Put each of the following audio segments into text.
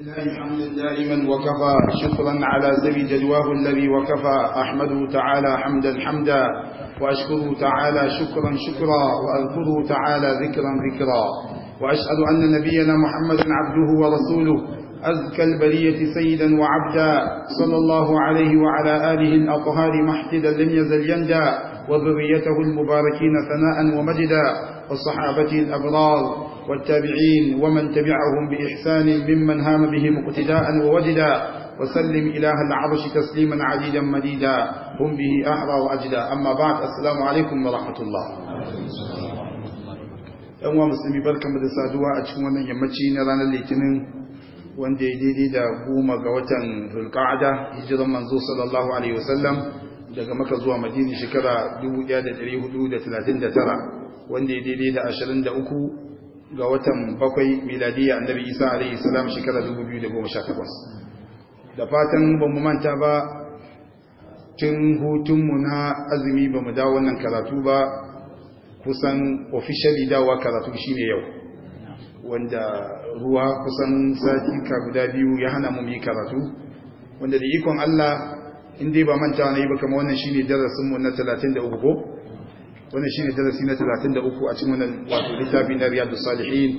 لله حمدا دائما وكفى شكرا على سبي جدواه الذي وكفى أحمده تعالى حمدا حمدا وأشكره تعالى شكرا شكرا وأذكره تعالى ذكرا ذكرا وأشهد أن نبينا محمدا عبده ورسوله أزكى البرية سيدا وعبدا صلى الله عليه وعلى آله الأطهار محتدا لم يزل يندى وذريته المباركين ثناء ومجدا وصحابته الأبرار والتابعين ومن تبعهم بإحسان ممن هام بهم اقتداء ووجدا وسلم إله العرش تسليما عديدا مديدا هم به أحرى وأجدا أما بعد السلام عليكم ورحمة الله yan wa musulmi barkanmu da saduwa a cikin wannan yammaci na ranar litinin wanda ya da goma ga watan zulqa'ada hijiran manzo sallallahu daga maka zuwa madina shekara 1439 wanda ya daidai da 23 ga watan bakwai miladiyya annabi isa alaihi salam shekara 2018 da fatan bamu manta ba tun hutunmu na azumi bamu mu dawo wannan karatu ba kusan officially dawa karatu shine yau wanda ruwa kusan sati ka guda biyu ya hana mu yi karatu wanda da ikon Allah in dai ba manta na yi ba kama wannan shine darasinmu na 33 ko wannan shine darasi na 33 a cikin wannan wato littafi na riyadu salihin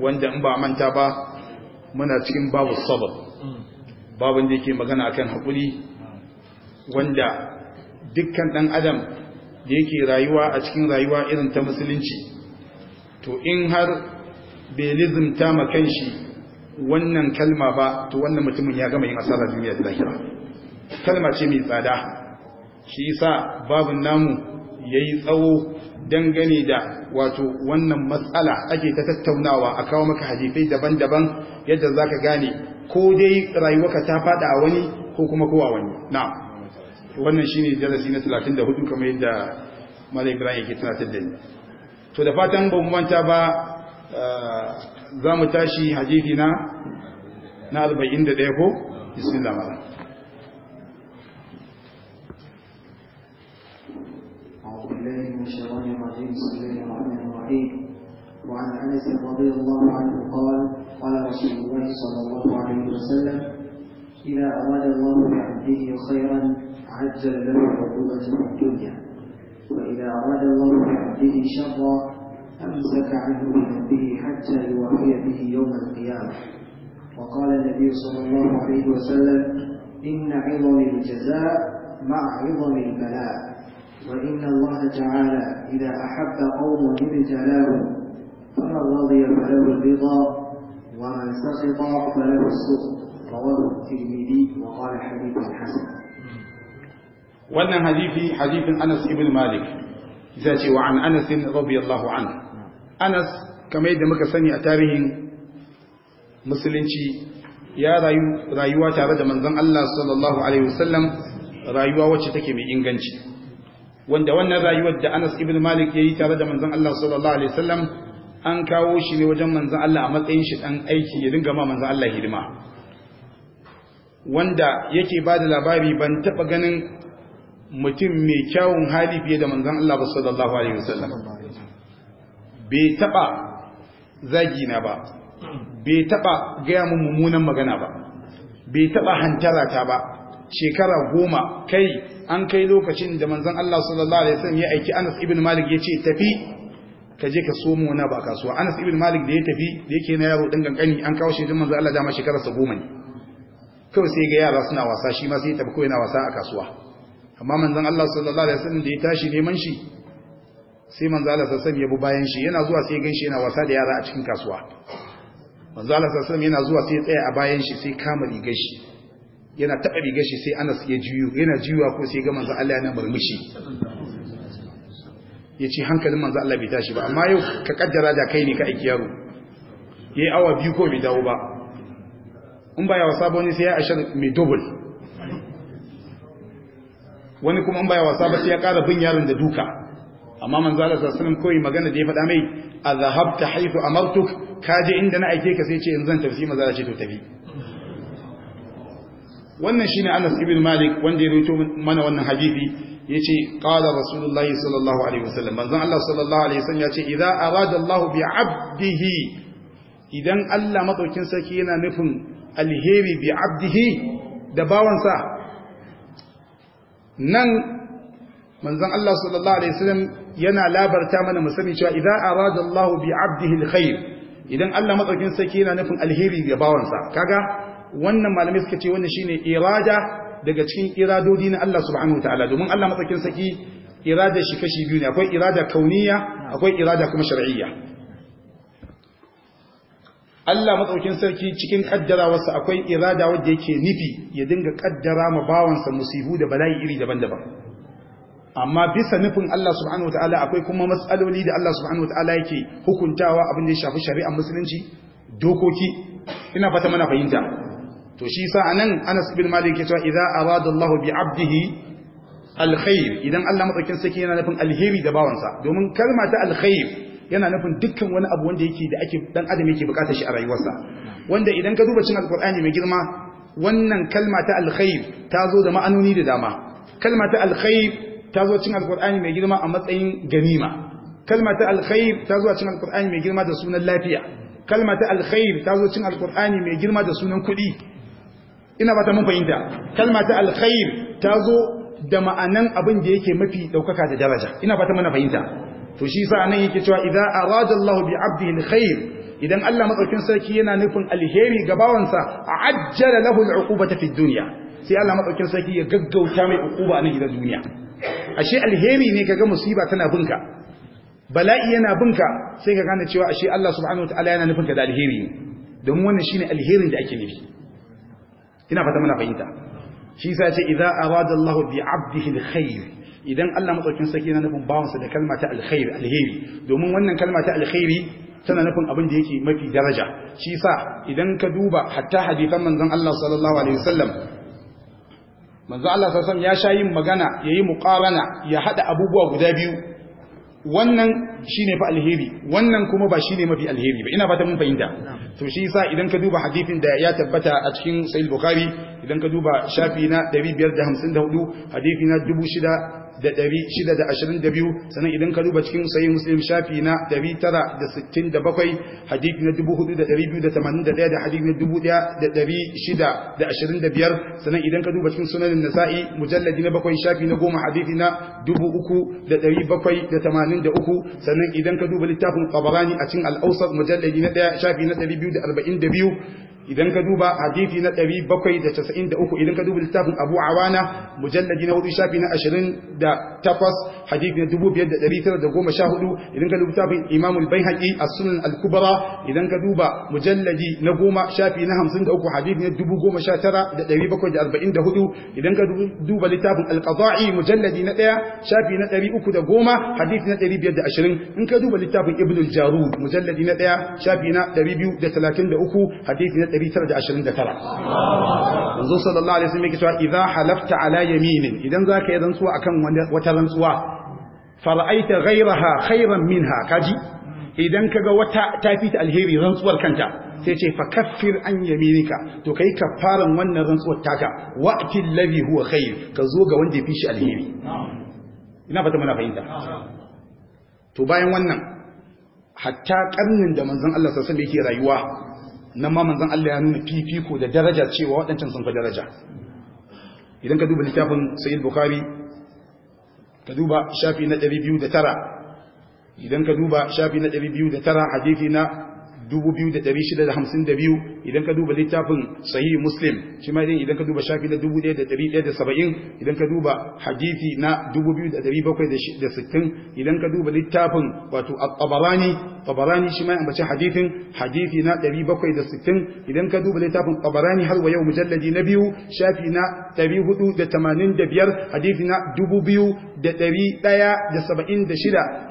wanda in ba manta ba muna cikin babu sabab babun da yake magana akan hakuri wanda dukkan dan adam da yake rayuwa a cikin rayuwa irin ta musulunci to in har bai lizimta ma shi wannan kalma ba to wannan mutumin ya gama yin asara duniya da lahira kalma ce mai tsada shi yasa babun namu ya yi tsawo dangane da wato wannan matsala ake ta tattaunawa a kawo maka hadisai daban-daban yadda za ka gane ko dai rayuwaka ta fada a wani ko kuma kowa wani Na wannan shi ne darasi na 34 kamar yadda Malam Ibrahim yake tunatar da ni to da fatan ba manta ba eh, za mu tashi hadifi na na 41 ko bismillah أنس رضي الله عنه قال قال رسول الله صلى الله عليه وسلم إذا أراد الله بعبده خيرا عجل له عقوبة الدنيا وإذا أراد الله بعبده شرا أمسك عنه بذنبه حتى يوافي به يوم القيامة وقال النبي صلى الله عليه وسلم إن عظم الجزاء مع عظم البلاء وإن الله تعالى إذا أحب قوم ابتلاهم فمن رضي فله الرضا ومن سخط فله السخط رواه الترمذي وقال حديث حسن wannan hadithi hadithin Anas ibn Malik ce wa an Anas radiyallahu an Anas kamar yadda muka sani a tarihin musulunci ya rayu rayuwa tare da manzon Allah sallallahu alaihi wasallam rayuwa wacce take mai inganci wanda wannan rayuwar da Anas ibn Malik yayi tare da manzon Allah sallallahu alaihi wasallam an kawo shi ne wajen manzan Allah a matsayin shi ɗan aiki ya dinga ma manzan Allah hidima wanda yake ba da labari ban taɓa ganin mutum mai kyawun hali fiye da manzan Allah ba sallallahu alaihi wasallam bai taɓa zagina ba bai taɓa gaya mun mummunan magana ba bai taɓa hantara ta ba shekara goma kai an kai lokacin da manzan Allah sallallahu alaihi wasallam ya aiki Anas ibn Malik ya ce tafi ka je ka somo na ba kasuwa Anas ibn Malik da ya tafi da yake na yaro dangan kani an kawo shi jin manzo Allah dama shekara 10 ne kawai sai ga yara suna wasa shi ma sai ya tafi kawai yana wasa a kasuwa amma manzon Allah sallallahu alaihi wasallam da ya tashi neman shi sai manzo Allah sallallahu alaihi wasallam ya bi bayan shi yana zuwa sai ganshi yana wasa da yara a cikin kasuwa manzo Allah sallallahu alaihi wasallam yana zuwa sai ya tsaya a bayan shi sai kama rigar shi yana taɓa rigar shi sai Anas ya jiyo, yana jiwa ko sai ga manzo Allah yana murmushi ya ce hankalin manzo Allah bai tashi ba amma yau ka kaddara da kai ne ka aiki yaro yayi awa biyu ko bai dawo ba in baya wasa ba wani sai ya ashar mai double wani kuma in baya wasa ba sai ya ƙara bin yaron da duka amma manzo Allah sallallahu alaihi wasallam magana da ya faɗa mai azhabta haythu amartuk je inda na aike ka sai ce in zan tafi maza ce to tafi wannan shine Anas ibn Malik wanda ya rawaito mana wannan hadisi ce, qala rasulullah sallallahu alaihi wasallam manzon Allah sallallahu alaihi wasallam yace idan arada Allah bi abdihi idan Allah madaukin sarki yana nufin alheri bi abdihi da bawansa nan manzon Allah sallallahu alaihi wasallam yana labarta mana musani cewa idan arada Allah bi abdihi alkhair idan Allah madaukin sarki yana nufin alheri ga bawansa kaga wannan malami suka ce wannan shine irada daga cikin iradodi na Allah subhanahu wataala domin Allah matsakin saki irada shi kashi biyu ne akwai irada kauniya akwai irada kuma shar'iyya Allah matsaukin sarki cikin kaddarawarsa akwai irada wadda yake nufi ya dinga kaddara ma bawansa musibu da bala'i iri daban-daban amma bisa nufin Allah subhanahu wataala akwai kuma matsaloli da Allah subhanahu wataala yake hukuntawa abin da ya shafi shari'ar musulunci dokoki ina fata mana fahimta to shi sa anan Anas bin Malik ya ce idza arada Allahu bi 'abdihi alkhair idan Allah madaukin saki yana nufin alheri da bawansa domin kalma ta alkhair yana nufin dukkan wani abu wanda yake da ake dan adam yake bukatar shi a rayuwarsa wanda idan ka duba cikin alqur'ani mai girma wannan kalma ta alkhair ta zo da ma'anoni da dama kalma ta alkhair ta zo cikin alqur'ani mai girma a matsayin ganima kalma ta alkhair ta zo cikin alqur'ani mai girma da sunan lafiya kalma ta alkhair ta zo cikin alqur'ani mai girma da sunan kuɗi ina ba ta mun fahimta kalma ta alkhair ta zo da ma'anan abin da yake mafi daukaka da daraja ina ba ta mana fahimta to shi sa nan yake cewa idza arada Allah bi abdihi alkhair idan Allah madaukin sarki yana nufin alheri ga bawansa ajjala lahu al'uqubata fi dunya sai Allah madaukin sarki ya gaggauta mai uquba na gidan duniya ashe alheri ne kaga musiba tana binka bala'i yana binka sai ka gane cewa ashe Allah subhanahu ta'ala yana nufin ka da alheri domin wannan shine alherin da ake nufi ina fata muna fahimta shi yasa yace idza arada Allah bi 'abdihi al idan Allah madaukin sarki yana nufin bawansa da kalma ta alkhair alheri domin wannan kalma ta alkhairi tana nufin abin da yake mafi daraja shi sa idan ka duba hatta hadisan manzon Allah sallallahu alaihi wasallam manzon Allah sallallahu alaihi wasallam ya sha yin magana yayi muqarana ya hada abubuwa guda biyu wannan ne fa alheri wannan kuma ba shi ne mafi alheri ba ina fata mun fahimta to shi yasa idan ka duba hadisin da ya tabbata a cikin sahih bukhari idan ka duba shafi na 554 hadisi na da ɗari shida da ashirin da biyu sannan idan ka duba cikin sayi muslim shafi na ɗari tara da sittin da bakwai hadith na dubu hudu da ɗari biyu da tamanin da ɗaya da hadith na dubu ɗaya da ɗari shida da ashirin da biyar sannan idan ka duba cikin sunanin nasa'i mujallaji na bakwai shafi na goma hadithi na dubu uku da ɗari bakwai da tamanin da uku sannan idan ka duba littafin tabarani a cikin al'ausar mujallaji na ɗaya shafi na ɗari biyu da arba'in da biyu idan ka duba hadithi na 793 idan ka duba littafin Abu Awana mujalladi na hudu shafi na 28 hadithi na 5914 idan ka duba littafin imamul al As-Sunan al-Kubra idan ka duba mujalladi na 10 shafi na 53 hadithi na 19744 idan ka duba littafin Al-Qadha'i mujalladi na 1 shafi na 310 hadithi na 520 in ka duba littafin Ibn al-Jarud mujalladi na 1 shafi na 233 hadisi na 1929 manzo sallallahu alaihi wasallam yake cewa idza halafta ala yaminin idan zaka yi rantsuwa akan wata rantsuwa fara'aita ghayraha khayran minha kaji idan kaga wata tafi ta alheri rantsuwar kanta sai ce fa kaffir an yaminika to kai kafaran wannan rantsuwar taka wa'ti alladhi huwa khayr ka zo ga wanda yafi shi alheri ina fata muna fahimta to bayan wannan hatta karnin da manzon Allah sallallahu alaihi wasallam yake rayuwa nan ma manzon Allah ya nuna fifiko da daraja cewa waɗancan sun fi daraja idan ka duba littafin sayyid bukari, ka duba shafi na 209 idan ka duba shafi na 209 hadisi na 2652 idan ka duba littafin sahih muslim shi ma idan ka duba shafi na 1170 idan ka duba hadithi na 2760 idan ka duba littafin wato at-tabarani tabarani shi ma ambaci hadisin hadisi na 760 idan ka duba littafin tabarani har wa yau mujalladi na biyu shafi na 485 hadithi na 2176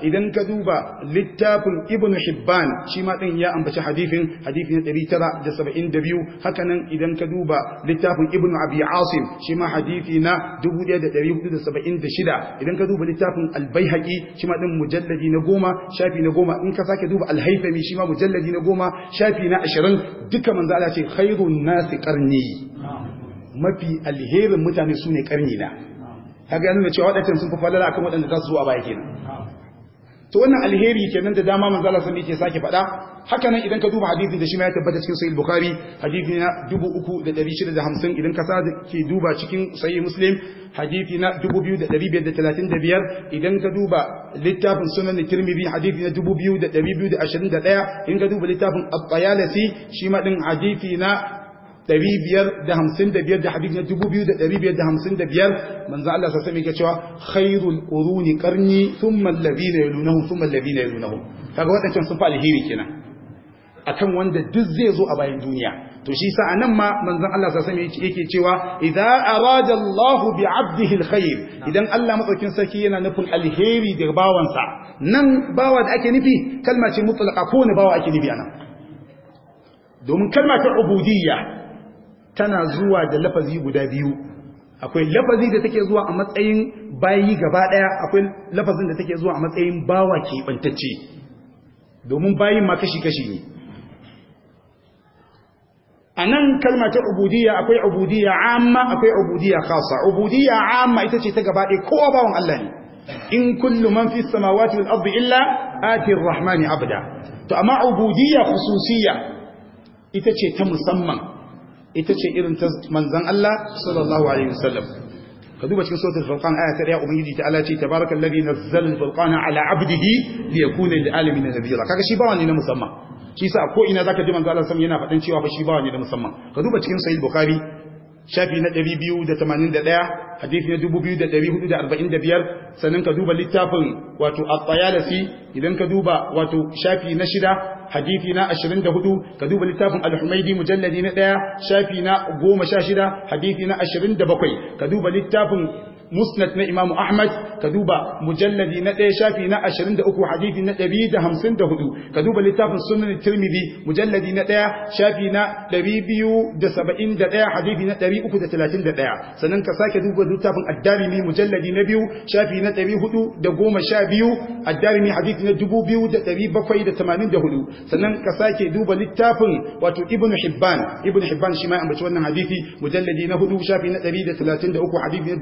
idan ka duba littafin Ibn hibban shi ma din ya ambaci ambaci hadifin hadifin na 972 hakanan idan ka duba littafin ibnu abi asim shi ma hadithi na 1476 idan ka duba littafin albayhaqi shi ma din mujalladi na goma shafi na goma in ka sake duba alhaifami shi ma mujalladi na goma shafi na 20 duka manzo Allah ce khairun nasi qarni mafi alherin mutane su ne karni na kaga yana cewa waɗancan sun fi falala akan waɗanda za su zo a baya kenan to wannan alheri kenan da dama manzo Allah sallallahu alaihi wasallam yake sake faɗa haka nan idan ka duba hadisin da shi ma ya tabbata cikin sahih bukhari hadisi na 3650 idan ka sake duba cikin sahih muslim hadisi na 2535 idan ka duba littafin sunan tirmidhi hadisi na 2221 idan ka duba littafin at-tayalisi shi ma din hadisi na 555 da hadith na 2555 manzo Allah sallallahu alaihi wasallam yake cewa khairul quruni qarni thumma alladhina yalunahum thumma alladhina yalunahum kaga wadancan sun fa alheri kenan akan wanda duk zai zo a bayan duniya to shi sa anan ma manzon Allah sallallahu alaihi wasallam yake cewa idza arada Allahu bi 'abdihi alkhair idan Allah matsakin sarki yana nufin alheri da bawansa nan bawa da ake nufi kalma ce mutlaqa ko ne bawa ake nufi anan domin kalma ta ubudiyya tana zuwa da lafazi guda biyu akwai lafazi da take zuwa a matsayin bayi gaba daya akwai lafazin da take zuwa a matsayin bawa keɓantacce domin bayin ma kashi-kashi ne a nan kalma ta ubudiyya akwai ubudiyya amma akwai ubudiyya Ubudiya ubudiyya amma ita ce ta gaba ɗaya kowa bawan Allah ne in kullu man fi samawati wal ardi illa ati rahmani abda to amma ubudiyya khususiyya ita ce ta musamman ita ce irin ta manzan Allah sallallahu alaihi wasallam ka duba cikin suratul furqan aya ta 1 ubangiji ta Allah ce tabarakallazi nazzala al-furqana ala 'abdihi liyakuna lil-alamin nadhira kaga shi bawa ne na musamman shi sa ko ina zaka ji manzo Allah sallallahu yana fadin cewa fa shi bawa ne na musamman ka duba cikin sahih bukhari shafi na 281 hadisi na 2445 sannan ka duba littafin wato at-tayalisi idan ka duba wato shafi na shida hadisi na 24 ka duba littafin al-humaidi mujalladi na 1 shafi na 16 hadisi na bakwai ka duba littafin musnad na imamu ahmad ka duba mujalladi na ɗaya shafi na 23 hadithi na 154 ka duba littafin sunan tirmidhi mujalladi na ɗaya shafi na 271 hadithi na 331 sannan ka sake duba littafin ad mujalladi na biyu shafi na 412 ad-darimi hadisi na 2784 sannan ka sake duba littafin wato Ibn hibban Ibn hibban shi ma ya ambaci wannan hadithi mujalladi na 4 shafi na 133 hadithi na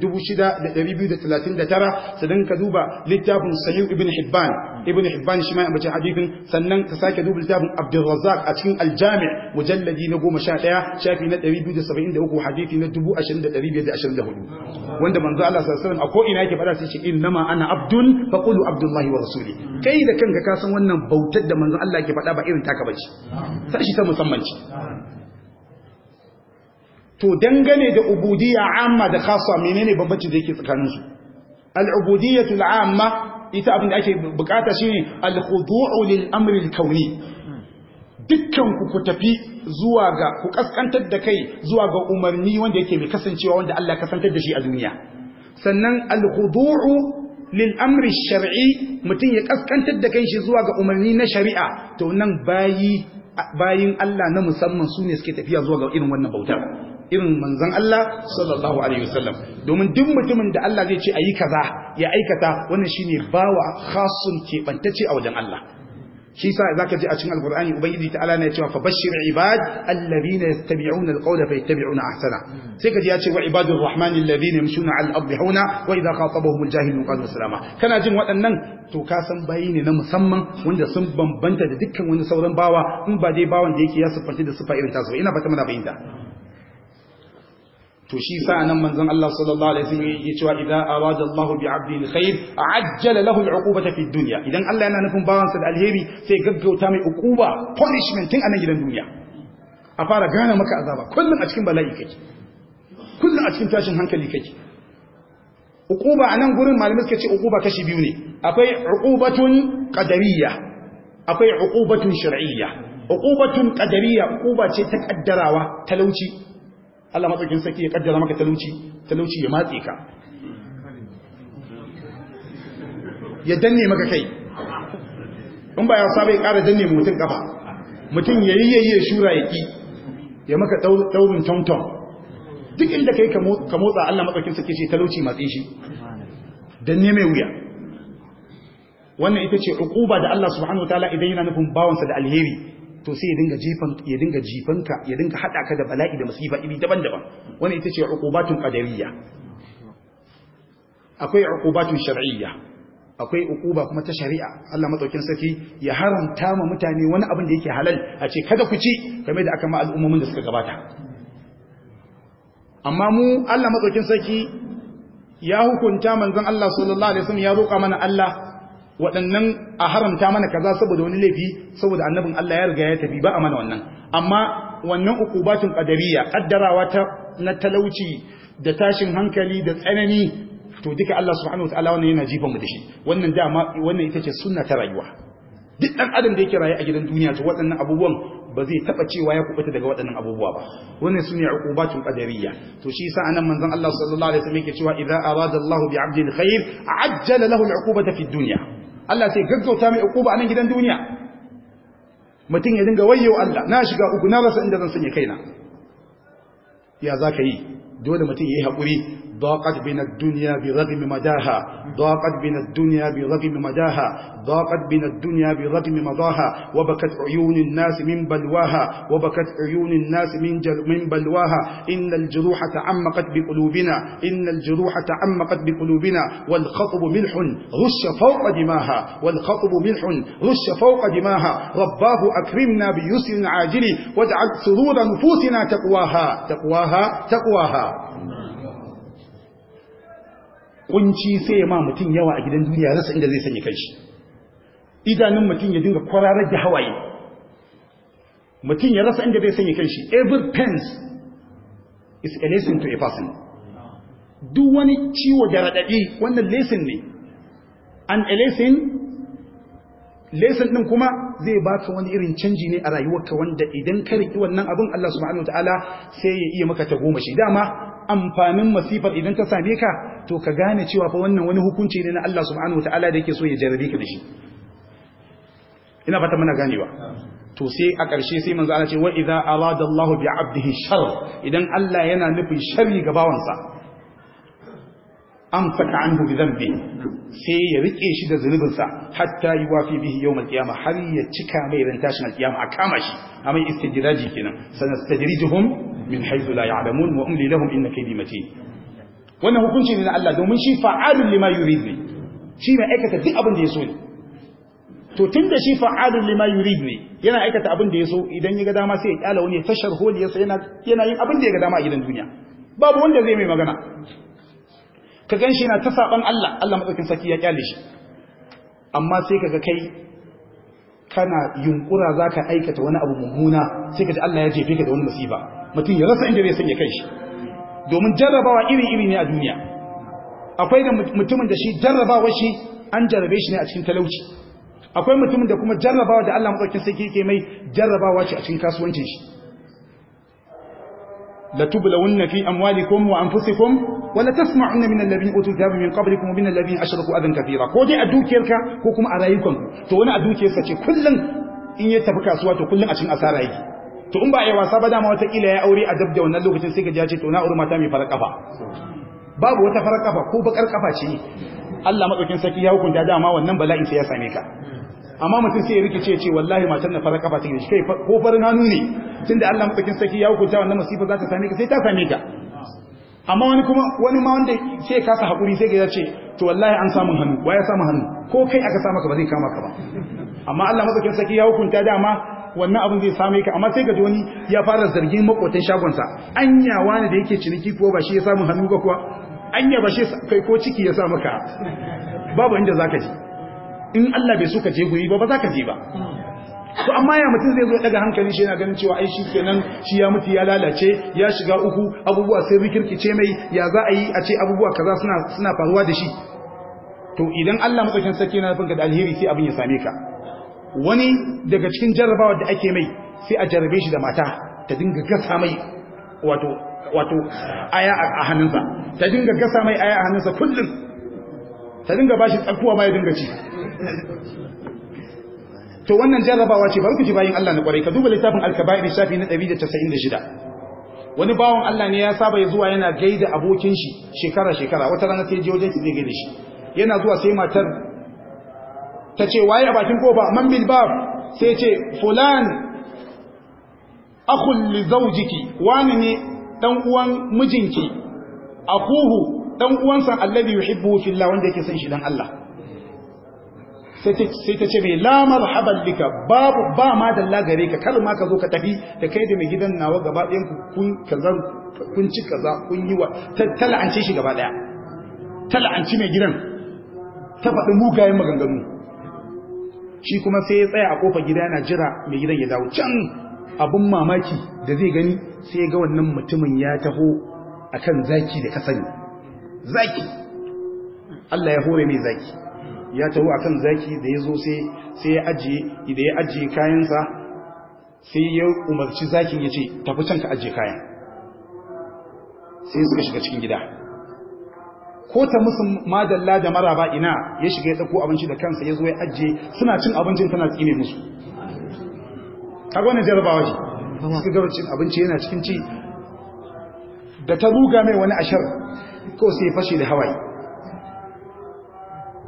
1239 su dinka duba littafin sahih ibn hibban ibn hibban shi ma ya bace hadifin. sannan ka sake duba littafin abdurrazzaq a cikin aljami' mujalladi na 11 shafi na 273 hadisi na 20524 wanda manzo Allah sallallahu alaihi wasallam a ko ina yake fada sai shi innama ana abdun faqulu abdullahi wa rasuli kai da kanka ka san wannan bautar da manzo Allah ke fada ba irin taka bace sashi shi ta musamman to dangane da ubudiyya amma da khasa menene babbaci da yake tsakaninsu? su al al-amma ita abin da ake bukata shine al-khudu'u lil amri al-kawni dukkan ku ku tafi zuwa ga ku kaskantar da kai zuwa ga umarni wanda yake mai kasancewa wanda Allah ya kasantar da shi a duniya sannan al-khudu'u al-shar'i mutum ya kaskantar da kanshi zuwa ga umarni na shari'a to nan bayi bayin Allah na musamman su ne suke tafiya zuwa ga irin wannan bautar irin manzon Allah sallallahu alaihi wasallam domin duk mutumin da Allah zai ce a yi kaza ya aikata wannan shine bawa khasun keɓantacce a wajen Allah shi sa ka ji a cikin alkurani ubangiji ta'ala ya cewa fa bashir ibad alladhina yastabi'una alqawla fayattabi'una ahsana sai ka ji ya ce wa ibadur rahman alladhina yamshuna 'ala al-ardi hauna wa idha khatabahum al-jahilun qalu salama kana jin waɗannan to ka san bayi ne na musamman wanda sun bambanta da dukkan wani sauran bawa in ba dai bawan da yake ya siffanta da siffa irin tasu ina fata muna to shi sa nan manzon Allah sallallahu alaihi wasallam yake cewa idza arada Allahu bi 'abdi alkhair ajjala lahu al'uqubata fi dunya idan Allah yana nufin bawansa da alheri sai gaggauta mai uquba punishment tun anan gidan duniya a fara gane maka azaba kullun a cikin bala'i kake kullun a cikin tashin hankali kake uquba anan gurin malamai suka ce uquba kashi biyu ne akwai uqubatun qadariyya akwai uqubatun shar'iyya uqubatun qadariyya uquba ce ta kaddarawa talauci Allah matsakin saki ya kaddara maka talauci talauci ya matse ka ya danne maka kai in ba ya saba ya ƙara danne mutum kafa mutum ya yi yayi shura ya ki ya maka daurin tonton duk inda kai ka motsa Allah matsakin saki ce talauci matse shi danne mai wuya wannan ita ce uquba da Allah subhanahu wataala idan yana nufin bawansa da alheri to sai ya dinga jifan ya dinga jifanka ya dinga hada ka da bala'i da masifa iri daban-daban wani ita ce uqubatun qadariyya akwai uqubatun shar'iyya akwai uquba kuma ta shari'a Allah madaukin sarki ya haramta ma mutane wani abin da yake halal a ce kada ku ci kamar da aka ma al'ummomin da suka gabata amma mu Allah madaukin sarki ya hukunta manzon Allah sallallahu alaihi wasallam ya roƙa mana Allah waɗannan a haramta mana kaza saboda wani laifi saboda annabin Allah ya riga ya tafi ba a mana wannan amma wannan ukubatun qadariyya kaddarawa ta na talauci da tashin hankali da tsanani to duka Allah subhanahu wataala wannan yana jifan mu da shi wannan dama wannan ita ce sunna ta rayuwa duk dan adam da yake raye a gidan duniya to waɗannan abubuwan ba zai taba cewa ya kubuta daga waɗannan abubuwa ba wannan sune ukubatun qadariyya to shi yasa anan manzon Allah sallallahu alaihi wasallam yake cewa idza arada Allah bi 'abdin khair ajjala lahu al'uqubata fid dunya Allah sai gaggauta mai ukuba a nan gidan duniya mutum ya dinga wayyo Allah na shiga uku na rasa inda zan sanya kaina ya za yi dole mutum ya yi hakuri. ضاقت بنا الدنيا برغم مداها ضاقت بنا الدنيا برغم مداها ضاقت بنا الدنيا برغم مضاها وبكت عيون الناس من بلواها وبكت عيون الناس من من بلواها إن الجروح تعمقت بقلوبنا إن الجروح تعمقت بقلوبنا والخطب ملح غش فوق دماها والخطب ملح غش فوق دماها رباه أكرمنا بيسر عاجل واجعل سرور نفوسنا تقواها تقواها تقواها kunci sai ya ma mutum yawa a gidan duniya rasa inda zai sanya kanshi idanun mutum ya dinga kwararar da hawaye mutum ya rasa inda zai sanya kanshi every pence is a lesson to a person duk wani ciwo da raɗaɗi wannan lesson ne an a lesson lesson din kuma zai baka wani irin canji ne a rayuwarka wanda idan ka riki wannan abin Allah subhanahu wataala sai ya iya maka shi. dama amfanin masifar idan ta same ka to ka gane cewa fa wannan wani hukunci ne na Allah subhanahu wataala da yake so ya jarabe ka da shi ina fata muna ganewa to sai a ƙarshe sai manzo Allah ce wa idza arada Allahu bi 'abdihi shar idan Allah yana nufin sharri ga bawansa An amsaka an bi dhanbi sai ya riƙe shi da zunubinsa hatta wafi bihi yau al-qiyamah har ya cika mai ran tashin al a kama shi a mai istijraji kenan sanastajrijuhum min haizu la ya'lamun wa umli lahum inna kaydi matin wannan hukunci ne na Allah domin shi fa'alun lima yurid ne shi mai aikata duk abin da ya so ne to tun da shi fa'alun lima yurid ne yana aikata abin da ya so idan ya ga dama sai ya kyala wani ya tashar holiyarsa yana yin abin da ya ga dama a gidan duniya babu wanda zai mai magana ka gan shi na ta saban Allah Allah matsakin saki ya kyale shi amma sai kaga kai kana yunkura ka aikata wani abu mummuna sai kaji Allah ya jefe ka da wani musiba mutum ya rasa inda zai sanya kai shi domin jarrabawa iri-iri ne a duniya akwai da mutumin da shi jarrabawa shi an jarrabe shi ne a cikin talauci akwai mutumin da kuma jarrabawa da Allah matsakin saki yake mai jarrabawa shi a cikin kasuwancin shi la latubulawunna fi amwalikum wa anfusikum wala tasma'unna min alladhina utu dhaba min qablikum min alladhina ashraku adan kathira ko dai a dukiyarka ko kuma a rayukanku to wani a dukiyarsa ce kullun in ya tafi kasuwa to kullun a cikin asara yake to in ba ai wasa ba dama wata kila ya aure a dabda wannan lokacin sai gaji ya ce to na urma mata mai farar kafa babu wata farar kafa ko bakar kafa ce Allah madaukin saki ya hukunta dama wannan bala'in sai ya same ka amma mutum sai ya rikice ce wallahi matan na farar kafa take shi kai ko farin hannu ne tunda Allah madaukin saki ya hukunta wannan masifa za ta same ka sai ta same ka amma wani kuma wani ma wanda sai kasa hakuri sai ya ce to wallahi an samu hannu wa ya samu hannu ko kai aka samu ka ba zai kama ka ba amma Allah mazakin saki ya hukunta dama wannan abin zai same ka amma sai ga wani ya fara zargin makotan shagonsa anya wani da yake ciniki ko ba shi ya samu hannu ba kuwa anya ba shi kai ko ciki ya sa maka babu inda zaka ji. in Allah bai so ka je guri ba ba zaka je ba So amma ya mutum zai zo ya daga hankali shi yana ganin cewa ai shi kenan shi ya mutu ya lalace ya shiga uku abubuwa sai rikirkice mai ya za a yi a ce abubuwa kaza suna suna faruwa da shi to idan Allah madaukakin sarki na nufin ka da alheri sai abin ya same ka wani daga cikin jarrabawa da ake mai sai a jarrabe shi da mata ta dinga gasa mai wato wato aya a hannunsa ta dinga gasa mai aya a hannunsa kullum ta dinga bashi tsakuwa ma ya dinga ci to wannan jarrabawa ce bar ku ji bayin Allah na kwarai ka duba littafin al-kaba'ir shafi na 196 wani bawon Allah ne ya saba zuwa yana gaida abokin shi shekara shekara wata rana sai je wajen shi zai gaida shi yana zuwa sai matar ta ce waye a bakin kofa man bil bab sai ce fulan akhul li zawjiki wani ne dan uwan mijinki akuhu dan uwansa alladhi yuhibbu fillah wanda yake son shi dan Allah sai ta ce mai lamar haballika babu ba ma da gare ka kar ma ka zo ka tafi da kai da mai gidan nawa gaba ɗayan kun kun ci kaza kun yi wa tala'ance shi gaba ɗaya tala'anci mai gidan ta faɗi mugayen maganganu shi kuma sai ya tsaya a kofar gida yana jira mai gidan ya dawo can abun mamaki da zai gani sai ga wannan mutumin ya taho akan zaki da ka sani zaki Allah ya hore mai zaki ya a kan zaki da ya zo sai ya ajiye da ya ajiye kayansa sai ya umarci zakin ya ce tafi can ka ajiye kayan sai suka shiga cikin gida ko ta musu madalla da maraba ina ya shiga ya tsako abinci da kansa ya zo ya ajiye suna cin abincin tana tsine musu kaga wannan jarabawa ce suka gaba cin abinci yana cikin ci da ta ruga mai wani ashar ko sai fashe da hawaye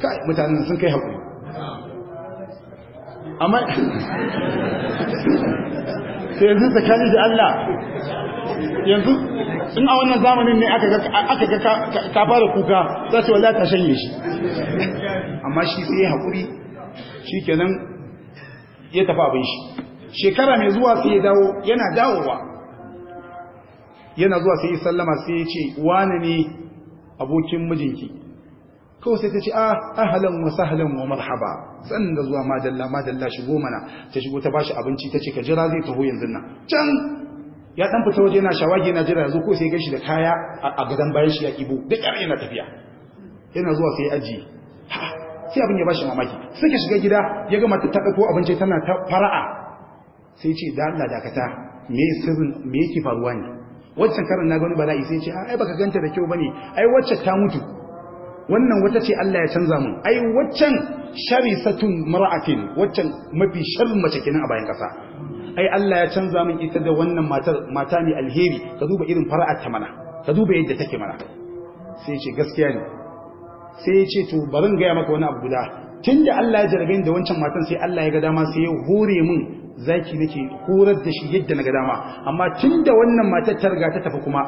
kai mutanen sun kai haƙuri yanzu tsakani da Allah yanzu in a wannan zamanin ne aka ga ka fara kuka za ce wallahi ta shanye shi amma shi sai haƙuri shi kenan ya tafi abin shi shekara mai zuwa sai ya dawo yana dawowa yana zuwa sai ya sallama sai ya ce wane ne abokin mijinki Kosai sai ta ce a ah, ahalan wa sahlan wa marhaba san da zuwa madalla madalla shigo mana ta shigo ta bashi abinci ta ce ka jira zai taho yanzu nan can ya dan fita waje yana shawagi yana jira yanzu ko sai gashi da kaya a gadan bayan shi ya kibo da kar yana tafiya yana zuwa sai aji sai abin ya bashi mamaki suka shiga gida ya gama ta dauko abinci tana ta fara'a sai ce da Allah dakata me sirrin me yake faruwa ne waccan karin na gani bala'i sai ce ai baka ganta da kyau bane ai wacce ta mutu wannan wata ce Allah ya canza mun ai waccan sharisatun mara'atin waccan mafi sharrin mace kenan a bayan kasa ai Allah ya canza mu ita da wannan matar mata mai alheri ka duba irin fara'ar ta mana ka duba yadda take mana sai ce gaskiya ne sai ce to barin gaya maka wani abu guda tunda Allah ya jarabe ni da wancan matan sai Allah ya ga dama sai ya hore mun zaki nake horar da shi yadda na ga dama amma tun da wannan matar ta riga ta tafi kuma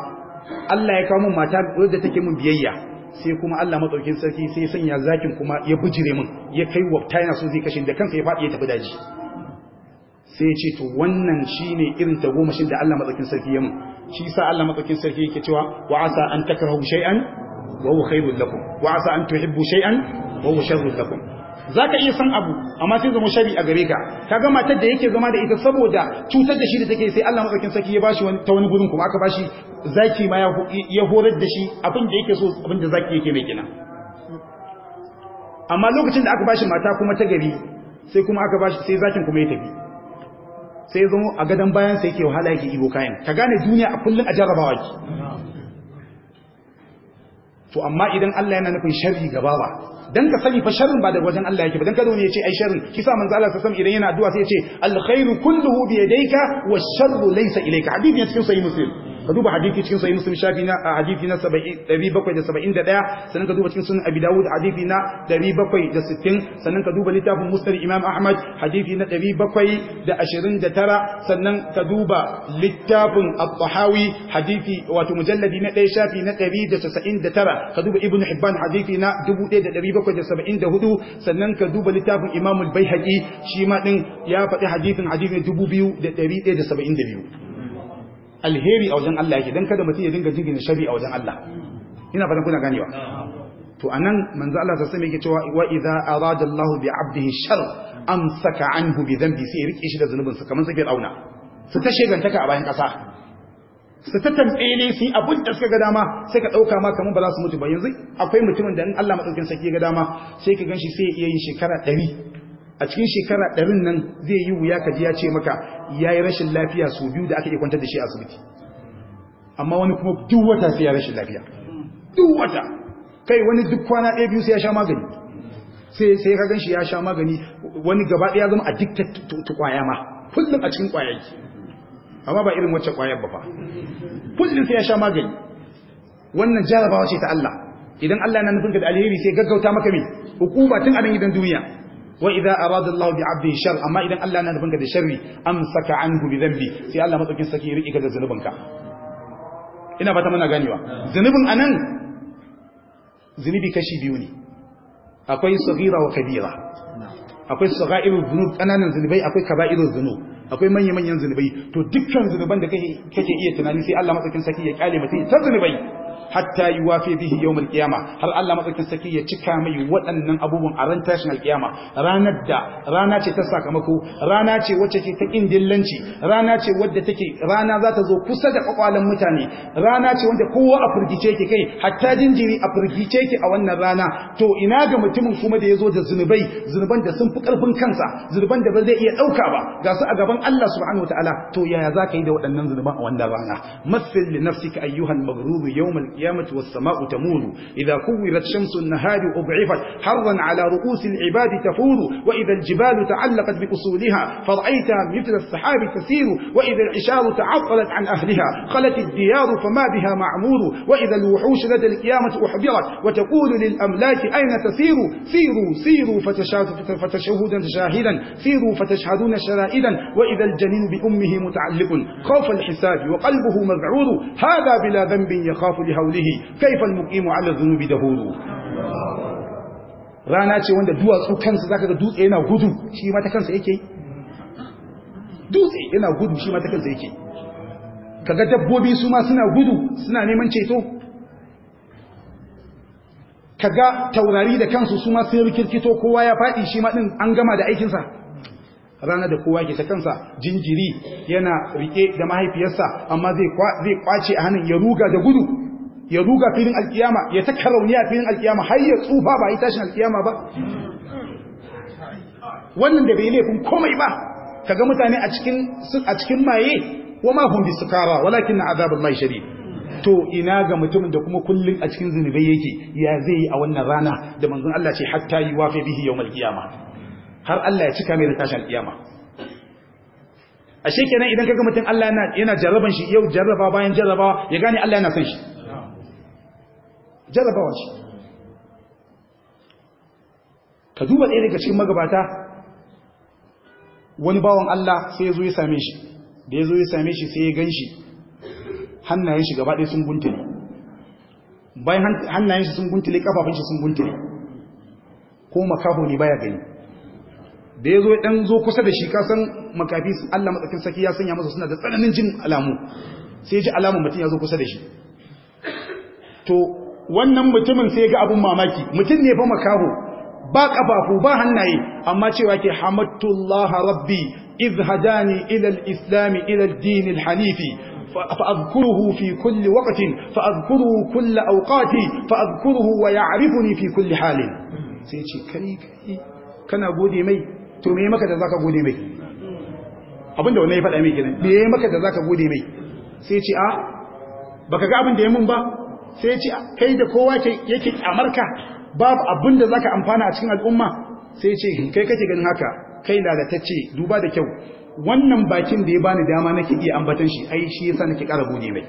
Allah ya kawo mun mata wadda take mun biyayya sai kuma Allah madaukin sarki sai sanya zakin kuma ya bujire min ya kai wa yana so zai kashe da kansa ya faɗi ya tafi daji sai ya ce to wannan shine irin tagomashin da Allah madaukin sarki ya min shi sa Allah madaukin sarki yake cewa wa asa an takrahu shay'an wa huwa khairul lakum wa asa an tuhibbu shay'an wa huwa sharrul lakum za ka iya san abu amma sai zama shari a gare ka ka ga matar da yake zama da ita saboda cutar da shi da take sai Allah matsakin saki ya bashi ta wani gurin kuma aka bashi zaki ma ya horar da shi abin da yake so abin da zaki yake mai gina amma lokacin da aka bashi mata kuma ta gari sai kuma aka bashi sai zakin kuma ya tafi sai zama a gadon bayan sai ke wahala yake ibo kayan ka gane duniya a kullum a jarrabawa ki to amma idan Allah yana nufin sharri gaba ba dan ka sani fa sharrin ba daga wajen Allah yake ba dan kada wani ya ce ai sharrin kisa manzo Allah sallallahu idan yana addu'a sai ya ce alkhairu kulluhu bi yadayka wash-sharru laysa ilayka hadisi ne cikin sahih muslim ka duba Hadithi cikin sahih muslim shafi na hadisi na 771 sannan ka duba cikin sunan abi dawud hadithi na 760 sannan ka duba littafin musnad imam ahmad hadithi na 729 sannan ka duba littafin at-tahawi hadithi wato mujalladi na 1 shafi na 199 ka duba Ibn hibban hadithi na 1774 sannan ka duba littafin imam al-baihaqi shi ma din ya faɗi hadisin hadisin 2172 alheri a wajen Allah yake dan kada mutum ya dinga jingina shari a wajen Allah ina fatan kuna ganewa to anan manzo Allah sai yake cewa wa idza arada Allah bi 'abdihi shar amsaka anhu bi dhanbi sai rike shi da zanubin sa kaman sai auna su ta taka a bayan kasa su ta tantsele su abun da suka ga dama sai ka dauka ma kaman ba za su mutu ba yanzu akwai mutumin da in Allah madaukin saki ga dama sai ka ganshi sai ya yi shekara 100 a cikin shekara 100 nan zai yi wuya ka ji ya ce maka ya yi rashin lafiya su biyu da aka iya kwantar da shi a asibiti amma wani kuma duk wata sai ya rashin lafiya duk wata kai wani duk kwana ɗaya biyu sai ya sha magani sai sai ka shi ya sha magani wani gaba ɗaya zama a to kwaya ma kullum a cikin kwaya amma ba irin wacce kwayar ba fa kullum sai ya sha magani wannan jarabawa ce ta Allah idan Allah yana nufin ka da alheri sai gaggauta maka me hukuma tun a nan gidan duniya wa idza arada Allah bi 'abdin shar amma idan Allah yana nufin ka da sharri amsaka anhu bi dhanbi sai Allah madaukin saki ya rike da ka. ina fata muna ganewa zanubin anan zanubi kashi biyu ne akwai saghira wa kabira akwai sagha'irul dhunub kananan zanubai akwai kaba'irul dhunub akwai manya-manyan zanubai to dukkan zanuban da kake iya tunani sai Allah madaukin saki ya kyale mutum ta zanubai hatta wafe bihi yau al kiyama har Allah madaukakin saki ya cika mai waɗannan abubuwan a ran tashin alkiyama qiyama ranar da rana ce ta sakamako rana ce wacce ke ta indillanci rana ce wadda take rana za ta zo kusa da kwakwalan mutane rana ce wanda kowa a firgice ki kai hatta jinjiri a firgice ki a wannan rana to ina ga mutumin kuma da ya zo da zunubai zunuban da sun fi karfin kansa zunuban da ba zai iya ɗauka ba ga su a gaban Allah subhanahu wataala to yaya zaka yi da waɗannan zunuban a wannan rana masfil li nafsika ayyuhan maghrubi yawm القيامة والسماء تمور إذا كورت شمس النهار أضعفت حرا على رؤوس العباد تفور وإذا الجبال تعلقت بأصولها فرأيتها مثل السحاب تسير وإذا العشار تعطلت عن أهلها خلت الديار فما بها معمور وإذا الوحوش لدى القيامة أحضرت وتقول للأملاك أين تسير سيروا سيروا فتشهدا شاهدا سيروا فتشهدون شرائدا وإذا الجنين بأمه متعلق خوف الحساب وقلبه مذعور هذا بلا ذنب يخاف لهوله zuhurihi kaifal muqimu ala dhunubi dahuru rana ce wanda duwatsu kansa zaka ga dutse yana gudu shi ma ta kansa yake dutse yana gudu shi ma ta kansa yake kaga dabbobi su ma suna gudu suna neman ceto kaga taurari da kansu su ma sun rikirkito kowa ya faɗi shi ma din an gama da aikinsa rana da kowa ke ta kansa jinjiri yana rike da mahaifiyarsa amma zai kwace a hannun ya ruga da gudu ya ruga filin alkiyama ya taka rauni a filin alkiyama har ya tsufa ba yi tashin alkiyama ba wannan da bai laifin komai ba kaga mutane a cikin a cikin maye wa ma hum bisukara walakin azabul mai shadid to ina ga mutumin da kuma kullun a cikin zunubai yake ya zai yi a wannan rana da manzon Allah ce hatta yi wafe bihi yau qiyama har Allah ya cika mai da tashin alkiyama ashe kenan idan kaga mutum Allah yana yana jarraban shi yau jarraba bayan jarraba ya gane Allah yana son shi jarabawa shi ka duba ɗaya daga cikin magabata wani bawan Allah sai ya zo ya same shi da ya zo ya same shi sai ya gan shi hannayen shi gaba ɗaya sun guntule bayan hannayen shi sun guntule ƙafafin shi sun guntule ko makaho ne baya gani da ya zo ya ɗan zo kusa da shi kasan makafi Allah matsakin saki ya sanya masa suna da tsananin jin alamu sai ya ji alamun mutum ya zo kusa da shi to wannan mutumin sai ga abun mamaki mutum ne fa makaho ba kafafu ba hannaye amma cewa ke hamadullah rabbi iz hadani ila al-islam ila al-din فأذكره في كل وقت فأذكره كل أوقات فأذكره ويعرفني في كل حال سيتي كري كري كان غودي مي to me maka da zaka gode mai abinda wannan ya faɗa mai kenan me maka da zaka gode mai sai ce ga abin da ya mun ba sai ce kai da kowa yake amarka babu abin da zaka amfana a cikin al'umma sai ya ce kai kake ganin haka kai lalatacce duba da kyau wannan bakin da ya bani dama nake iya ambatan shi ai shi yasa nake ƙara gode mai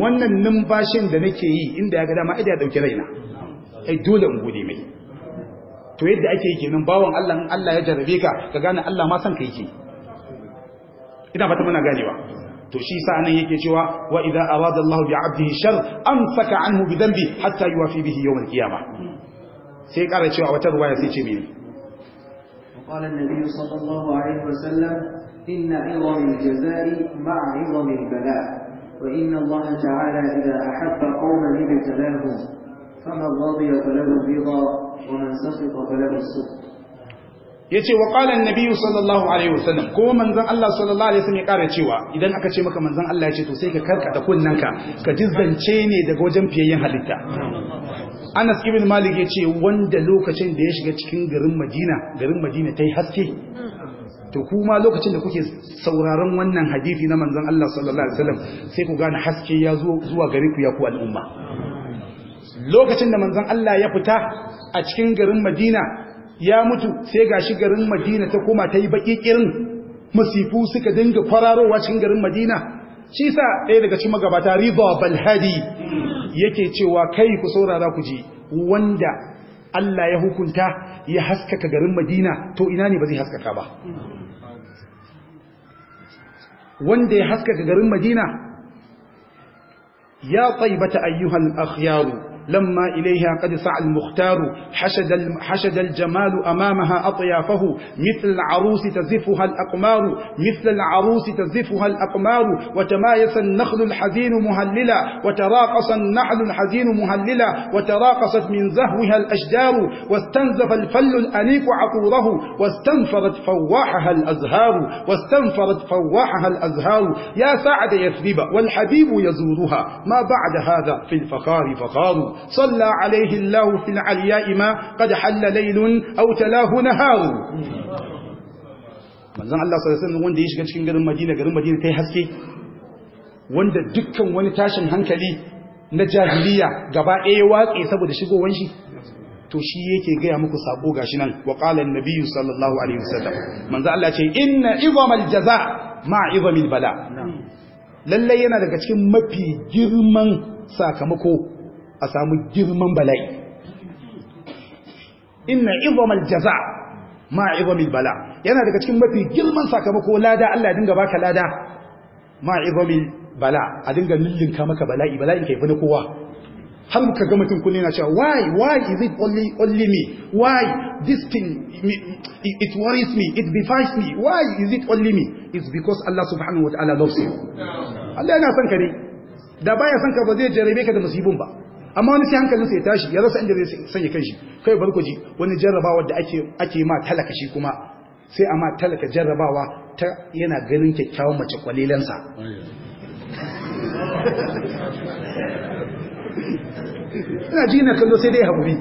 wannan numfashin da nake yi inda ya ga dama idan ya dauki raina ai dole in gode mai to yadda ake yi kenan bawon Allah in Allah ya jarrabe ka ka gane Allah ma san ka yake ina fata muna ganewa to shi sa nan yake cewa wa idza arada Allah bi 'abdihi shar amsaka anhu bi dhanbi hatta yuwafi bihi yawm al-qiyamah sai kara cewa wata ruwaya sai ce mene qala an-nabi sallallahu alaihi wasallam inna 'idham al-jazaa'i ma'a 'idham al-bala' wa inna Allah ta'ala idza ahabba qauman ibtalahum fama radiya falahu ridha wa man sakhita falahu as yace wa qala an sallallahu alaihi wasallam ko manzon Allah sallallahu alaihi wasallam ya kara cewa idan aka ce maka manzon Allah yace to sai ka karkata kunnanka ka jizzance ne daga wajen fiyayyen halitta Anas ibn Malik yace wanda lokacin da ya shiga cikin garin Madina garin Madina tai haske to kuma lokacin da kuke sauraron wannan hadisi na manzon Allah sallallahu alaihi wasallam sai ku gane haske ya zo zuwa gare ku ya ku al'umma lokacin da manzon Allah ya fita a cikin garin Madina ya mutu sai ga shi garin madina ta koma ta yi baki kirin masifu suka dinga kwararowa cikin garin madina shi sa ɗaya daga cikin magabata riba balhadi yake cewa kai ku saurara ku je wanda Allah ya hukunta ya haskaka garin Madina to ina ne ba zai haskaka ba wanda ya haskaka garin Madina ya tsaibata ayyuhan akhyaru لما إليها قد سعى المختار حشد, حشد الجمال أمامها أطيافه مثل العروس تزفها الأقمار مثل العروس تزفها الأقمار وتمايس النخل الحزين مهللا وتراقص النحل الحزين مهللا وتراقصت من زهوها الأشجار واستنزف الفل الأنيق عطوره واستنفرت فواحها الأزهار واستنفرت فواحها الأزهار يا سعد يثرب والحبيب يزورها ما بعد هذا في الفخار فخار صلى عليه الله في العلياء ما قد حل ليل أو تلاه نهار manzon Allah sallallahu alaihi wanda ya shiga cikin garin Madina garin Madina kai haske wanda dukkan wani tashin hankali na jahiliya gaba ɗaya ya watsi saboda shigowar shi to shi yake gaya muku sabo gashi nan wa qala an-nabiy sallallahu alaihi wasallam manzo Allah ce inna idhamal jaza ma idhamil bala lalle yana daga cikin mafi girman sakamako a samu girman bala'i inna izamal jaza ma izamil bala yana daga cikin mafi girman sakamako lada Allah ya dinga baka lada ma izamil bala a dinga lullinka maka bala'i bala'in kai fi na kowa har muka ga mutum kullum yana cewa why why is it only only me why this thing it, it worries me it defies me why is it only me it's because Allah subhanahu wa ta'ala loves you Allah yana son ka ne da baya son ka ba zai jarabe ka da musibin ba amma wani sai hankalin sai ya tashi ya rasa inda zai sanya shi, kai bar ji wani jarrabawa da ake ake ma talaka shi kuma sai a ma talaka jarrabawa ta yana ganin kyakkyawan mace kwalilansa ina ji na kallo sai dai haƙuri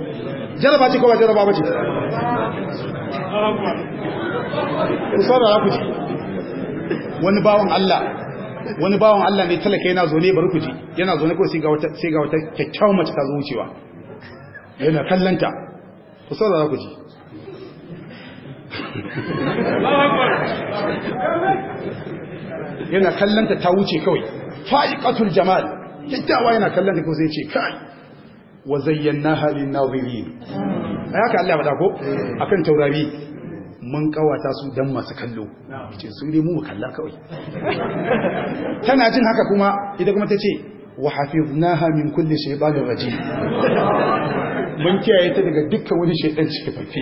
jarraba ce kawai jarraba ba ce musara ya kuci wani bawan Allah wani bawan Allah ne talaka yana zo ne bar yana zo ko sai ga wata sai ga wata kyakkyawar mace ta zo wucewa yana kallanta ku saurara ku ji yana kallanta ta wuce kawai fa'iqatul jamal kyakkyawa yana kallanta ko sai ce kai wa zayyanaha lin nadirin a yaka Allah ya ko eh. kan taurari mun kawata su dan masu kallo ce sun dai mu kalla kawai tana jin haka kuma ita kuma ta ce. wa hafiznaha min kulli shaytanir rajim mun kiyaye ta daga dukkan wani shaytan cikafaffe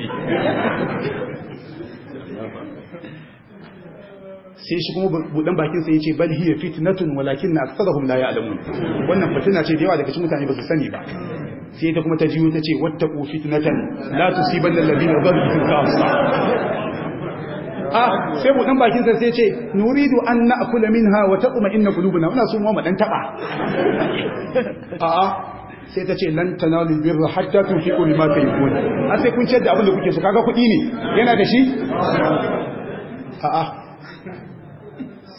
sai shi kuma budan bakin sa yace bal hiya fitnatun walakin aktharuhum la ya'lamun wannan fitina ce da yawa daga cikin mutane ba su sani ba sai ta kuma ta jiyo ta ce wattaqu fitnatan la tusibanna alladhina zalamu minkum khassa a ah, sai buɗan bakin sa sai ce nuridu an na'kula minha wa taquma inna qulubuna ina so mu dan taba a'a sai ta ce lan tanalu birra hatta tunfiqu lima tuhibbun a sai kun ciyar da abin da kuke so kaga kuɗi ne yana da shi a'a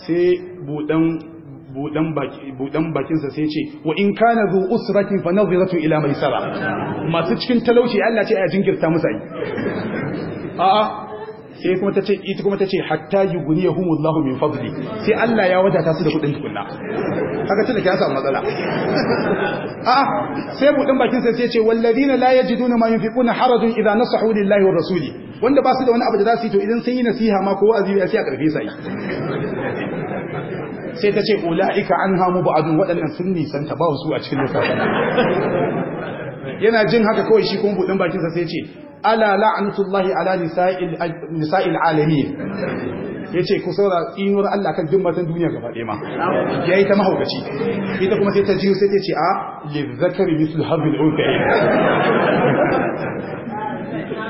sai buɗan budan bakinsa sai ce wa in kana zu usratin fa naziratu ila maisara masu cikin talauci Allah ce a jinkirta musu a a'a sai kuma tace ita kuma tace hatta yughniyahumullahu min fadli sai Allah ya wadata su da kudin tukunna kaga tunda ya samu matsala a'a sai budin bakin sai sai ce walladina la yajiduna ma yunfiquna harajun idza nasahu lillahi wa rasuli wanda ba su da wani abu da za su yi to idan sun yi nasiha ma ko wa'azi sai a karfe sai sai ta ce ula'ika an hamu ba'adun waɗannan sun nisan ta ba su a cikin lissafin yana jin haka kawai shi kuma buɗin bakinsa sai ce ala la'anatullahi ala nisa'il alamin yace ku saura tsinuwar Allah kan dimmatan duniya gaba ɗaya ma yayi ta mahaukaci ita kuma sai ta jiyo sai ta ce a lizakari mislu habil unkayin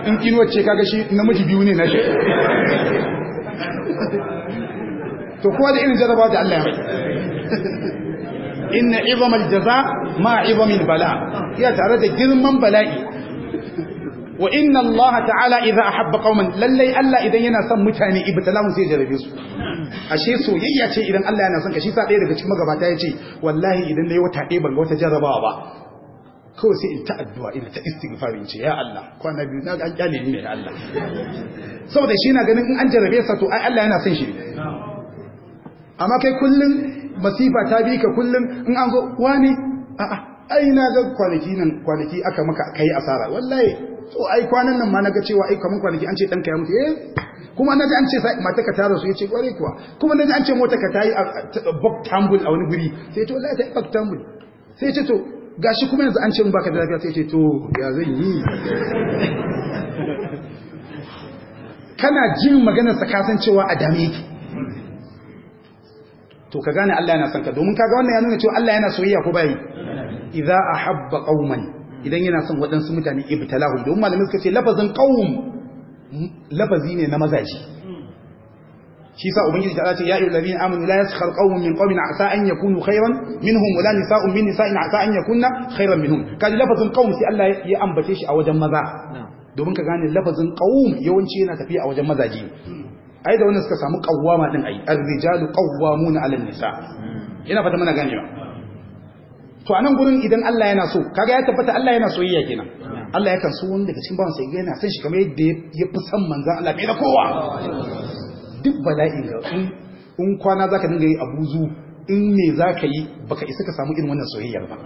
in tsinuwar ce kaga shi namiji biyu ne na shi to kowa da irin jarabawa da Allah ya mai inna izamal jaza ma izamil bala ya tare da girman bala'i wa inna Allah ta'ala idza ahabba qauman lallai Allah idan yana son mutane ibtalahu sai jarabe su ashe soyayya ce idan Allah yana son ka shi sa ɗaya daga cikin magabata yace wallahi idan nayi wata ɗaya ban ga wata jarabawa ba kawai sai in ta addu'a ina ta istighfar in ce ya Allah kwana biyu na an kyale ne ya Allah saboda shi yana ganin in an jarabe sa to ai Allah yana son shi amma kai kullun masifa ta bi ka kullun in an zo wani a'a ai na ga kwanaki nan kwanaki aka maka kai asara wallahi to ai kwanan nan ma naga cewa ai kaman kwanaki an ce danka ya mutu eh kuma naga an ce sai mata ka tara su yace kware kuwa kuma naga an ce mota ka tayi bug tambul a wani guri sai to wallahi ta bug tambul sai ce to gashi kuma yanzu an ce mun baka da lafiya sai ce to ya zan yi kana jin maganar sa kasan cewa a dame yake to ka gane Allah yana son ka domin kaga wannan ya nuna cewa Allah yana soyayya ko bai idza ahabba qauman idan yana son waɗansu mutane ibtalahu don malamin suka ce lafazin qaum lafazi ne na mazaji shi sa ubangiji ta ce ya ayyuhal ladina amanu la yaskhar qaumun min qaumin asa an yakunu khayran minhum wala nisa'un min nisa'in asa an yakunna khayran minhum kaji lafazin qaum sai Allah ya ambace shi a wajen maza domin ka gane lafazin qaum yawanci yana tafiya a wajen mazaji ai da wannan suka samu qawwama din ai ar-rijalu qawwamuna 'ala an-nisa hmm. ina fata muna ganewa to anan gurin idan Allah yana so kaga ya tabbata Allah yana soyayya kenan Allah yakan so wani daga cikin bawan sai yana son shi kamar yadda ya fi son manzon Allah bai da kowa duk balai ga in kwana zaka dinga yi abuzu in me zaka yi baka isa ka samu irin wannan soyayyar ba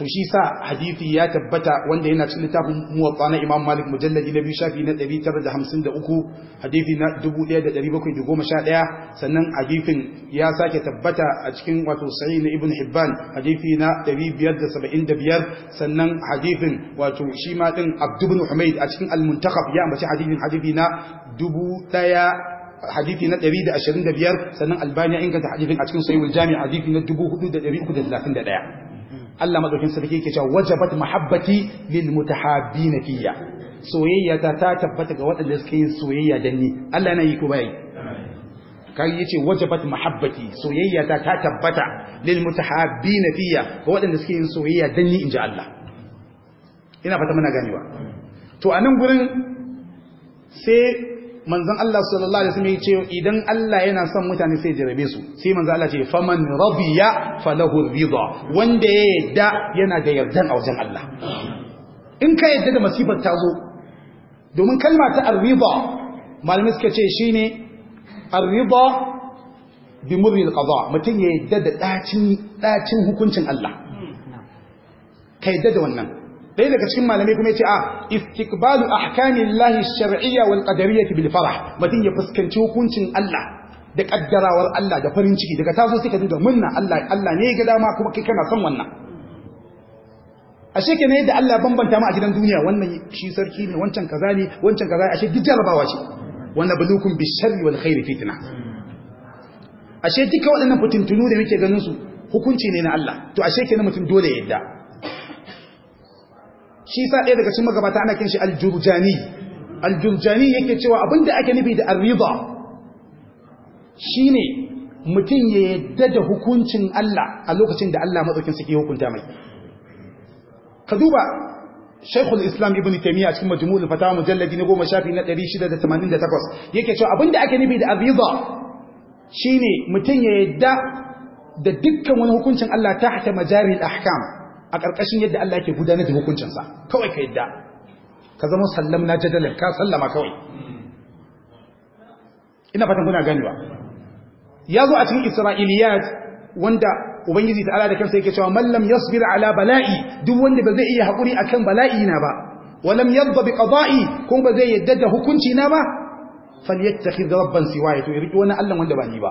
to shi sa hadithi ya tabbata wanda yana cikin littafin muwatta na Imam Malik mujalladi na biyu shafi na 953 hadithi na 1711 sannan hadithin ya sake tabbata a cikin wato sahih na Ibn Hibban hadithi na 575 sannan hadithin wato shi ma din Abd ibn Humayd a cikin al-Muntakhab ya ambaci hadithin hadithi na 1000 hadithi na 125 sannan albani ya inganta hadithin a cikin sahihul jami' hadithi na 4331 Allah madaukin sarki yake cewa wajabat mahabbati lil mutahabbin fiyya soyayya ta ta tabbata ga waɗanda suke yin soyayya dan ni Allah yana yi ko bai kai yace wajabat mahabbati soyayya ta ta tabbata lil mutahabbin fiyya ga waɗanda suke yin soyayya dan ni inji Allah ina fata muna ganewa to anan gurin sai manzon Allah sallallahu alaihi wasallam ya ce idan Allah yana son mutane sai jarabe su sai manzon Allah ce faman radiya falahu ridha wanda ya yadda yana da yardan a wajen Allah in ka yadda da masifar ta zo domin kalma ta ar-ridha malamai suka ce shine ar-ridha bi murri al mutum ya yadda da dacin dacin hukuncin Allah ka yadda da wannan dai daga cikin malamai kuma yace a istiqbalu lahi, shar'iyya wal qadariyyah bil farah mutum ya fuskanci hukuncin Allah da ƙaddarawar Allah da farin ciki daga taso sai ka dinga munna Allah Allah ne ga dama kuma kai kana son wannan A ashe kenan yadda Allah bambanta mu a gidan duniya wannan shi sarki ne wancan kaza ne wancan kaza ashe duk jarabawa ce wannan bulukum bisharri wal khairi fitna ashe duka waɗannan fitintunu da muke ganin su hukunci ne na Allah to ashe kenan mutum dole ya yadda shi sa ɗaya daga cikin magabata ana kinshi aljurjani aljurjani yake cewa abinda ake nufi da arriba shi ne mutum ya yadda da hukuncin Allah a lokacin da Allah madaukin suke hukunta mai ka duba Sheikhul Islam Ibn Taymiyyah cikin Majmu'ul Fatawa mujalladi na goma shafi na 688 yake cewa abinda ake nufi da arriba shi ne mutum ya yadda da dukkan wani hukuncin Allah ta hata majaril ahkam a ƙarƙashin yadda Allah yake gudanar da hukuncinsa kawai ka yadda ka zama sallam na jadalin ka sallama kawai ina fatan kuna ganewa ya zo a cikin isra'iliyat wanda ubangiji ala da kansa yake cewa mallam yasbir ala bala'i duk wanda ba zai iya haƙuri kan bala'i na ba walam yadda bi qada'i kun ba zai yadda da hukunci na ba falyattakhidh rabban siwaya to riki wani Allah wanda ba ni ba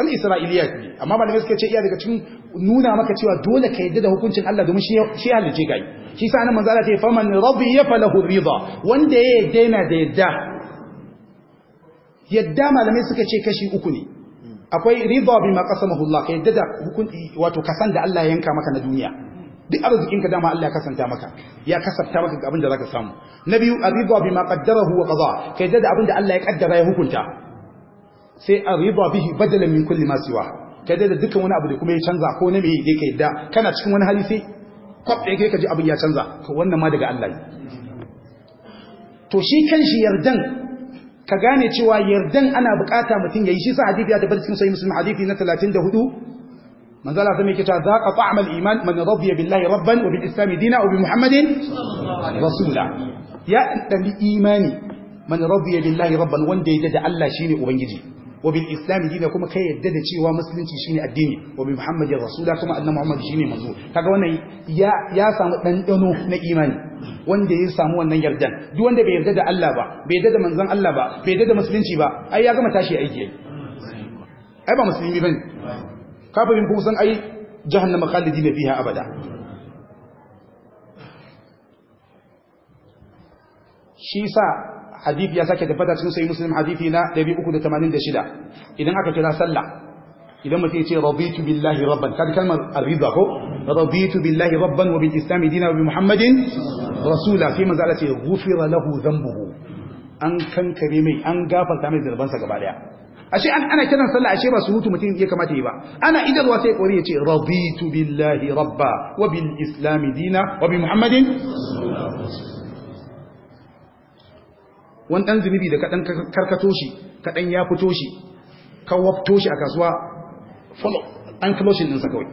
wani isra'iliyat ne amma malamai suka ce iya daga cikin nuna maka cewa dole ka yadda da hukuncin Allah domin shi halice gai shi sa nan manzo Allah ce faman radiya falahu ridha wanda ya yadda yana da yadda yadda malamai suka ce kashi uku ne akwai ridha bima qasamahu Allah ka yadda da hukunci wato kasan da Allah ya yanka maka na duniya duk arzikin ka dama Allah ya kasanta maka ya kasafta maka ga abin da zaka samu na biyu ridha bima qaddarahu wa qada ka yadda da abin da Allah ya kaddara ya hukunta sai ridha bihi badalan min kulli ma siwa ka da dukkan wani abu da kuma ya canza ko na meye dai ka yadda kana cikin wani hali sai kwab ɗaya kai ka ji abin ya canza ko wannan ma daga Allah ne to shi kan shi yardan ka gane cewa yardan ana bukata mutum yayi shi sa hadisi ya tabbata cikin sahih muslim hadisi na 34 manzo Allah sai yake cewa zaqa ta'mal iman man radiya billahi rabban wa bil islam dina, wa bi muhammadin rasula ya dan imani man radiya billahi rabban wanda ya da Allah shine ubangiji wa bil islam dina kuma kai yadda da cewa musulunci shine addini Muhammad ya rasu da kuma annabi muhammad shi ne manzo kaga wannan ya ya samu ɗanɗano na imani wanda ya samu wannan yardan duk wanda bai yarda da Allah ba bai yarda da manzon Allah ba bai yarda da musulunci ba ai ya gama tashi aiki ai ba musulmi bane kafirin kuma san ai jahannama khalidina fiha abada shi sa hadisi ya sake tabbata cikin sahih muslim hadisi na 386 idan aka kira sallah idan mutum ya ce raditu billahi rabban kada kalmar arida ko raditu billahi rabban wa bil islam dinan wa bi muhammadin rasula sai manzo ce ghufira lahu dhanbuhu an kankare mai an gafarta mai zurbansa gaba daya ashe ana kiran sallah ashe ba su hutu mutum ya kamata yi ba ana idarwa sai kori ya ce raditu billahi rabba wa bil islam dinan wa bi muhammadin rasula wani ɗan zunubi da kaɗan karkato shi kaɗan ya fito shi ka wafto shi a kasuwa follow an kaloshin ɗinsa kawai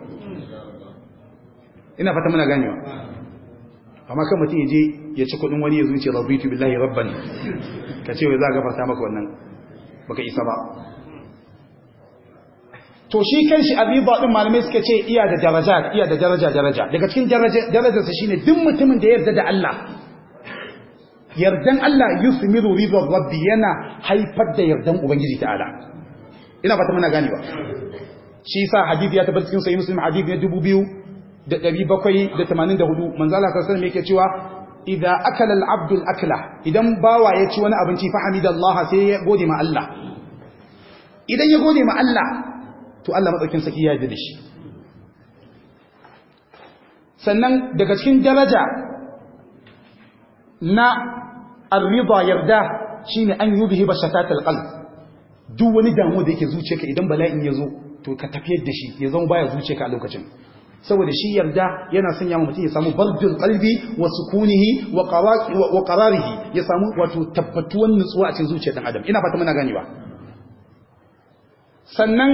ina fata muna ganewa amma kan mutum ya je ya ci kuɗin wani ya zuce tu, billahi rabban ka ce wai za a gafarta maka wannan baka isa ba to shi kan shi ba ɗin malamai suka ce iya da daraja iya da daraja daraja daga cikin darajarsa shine duk mutumin da ya yarda da Allah yardan Allah yusmiru ridwan rabbi yana haifar da yardan ubangiji ta'ala ina fata muna ba shi yasa hadisi ya tabbata cikin sahih muslim hadisi ne 2784 manzo Allah sallallahu alaihi yake cewa idza akala al-abdu al-akla idan bawa ya ci wani abinci fa hamidallah sai ya gode ma Allah idan ya gode ma Allah to Allah madaukin saki ya yarda shi sannan daga cikin daraja na arriba yarda shine an yubhi bashatatal qalb duk wani damu da yake zuciyarka idan bala'in ya zo to ka tafiyar da shi ya zama baya zuciyarka a lokacin saboda shi yarda yana sanya mu mutum ya samu bardul qalbi wa sukunihi wa qararihi ya samu wato tabbatuwan nutsuwa a cikin zuciyar dan adam ina fata muna ba. sannan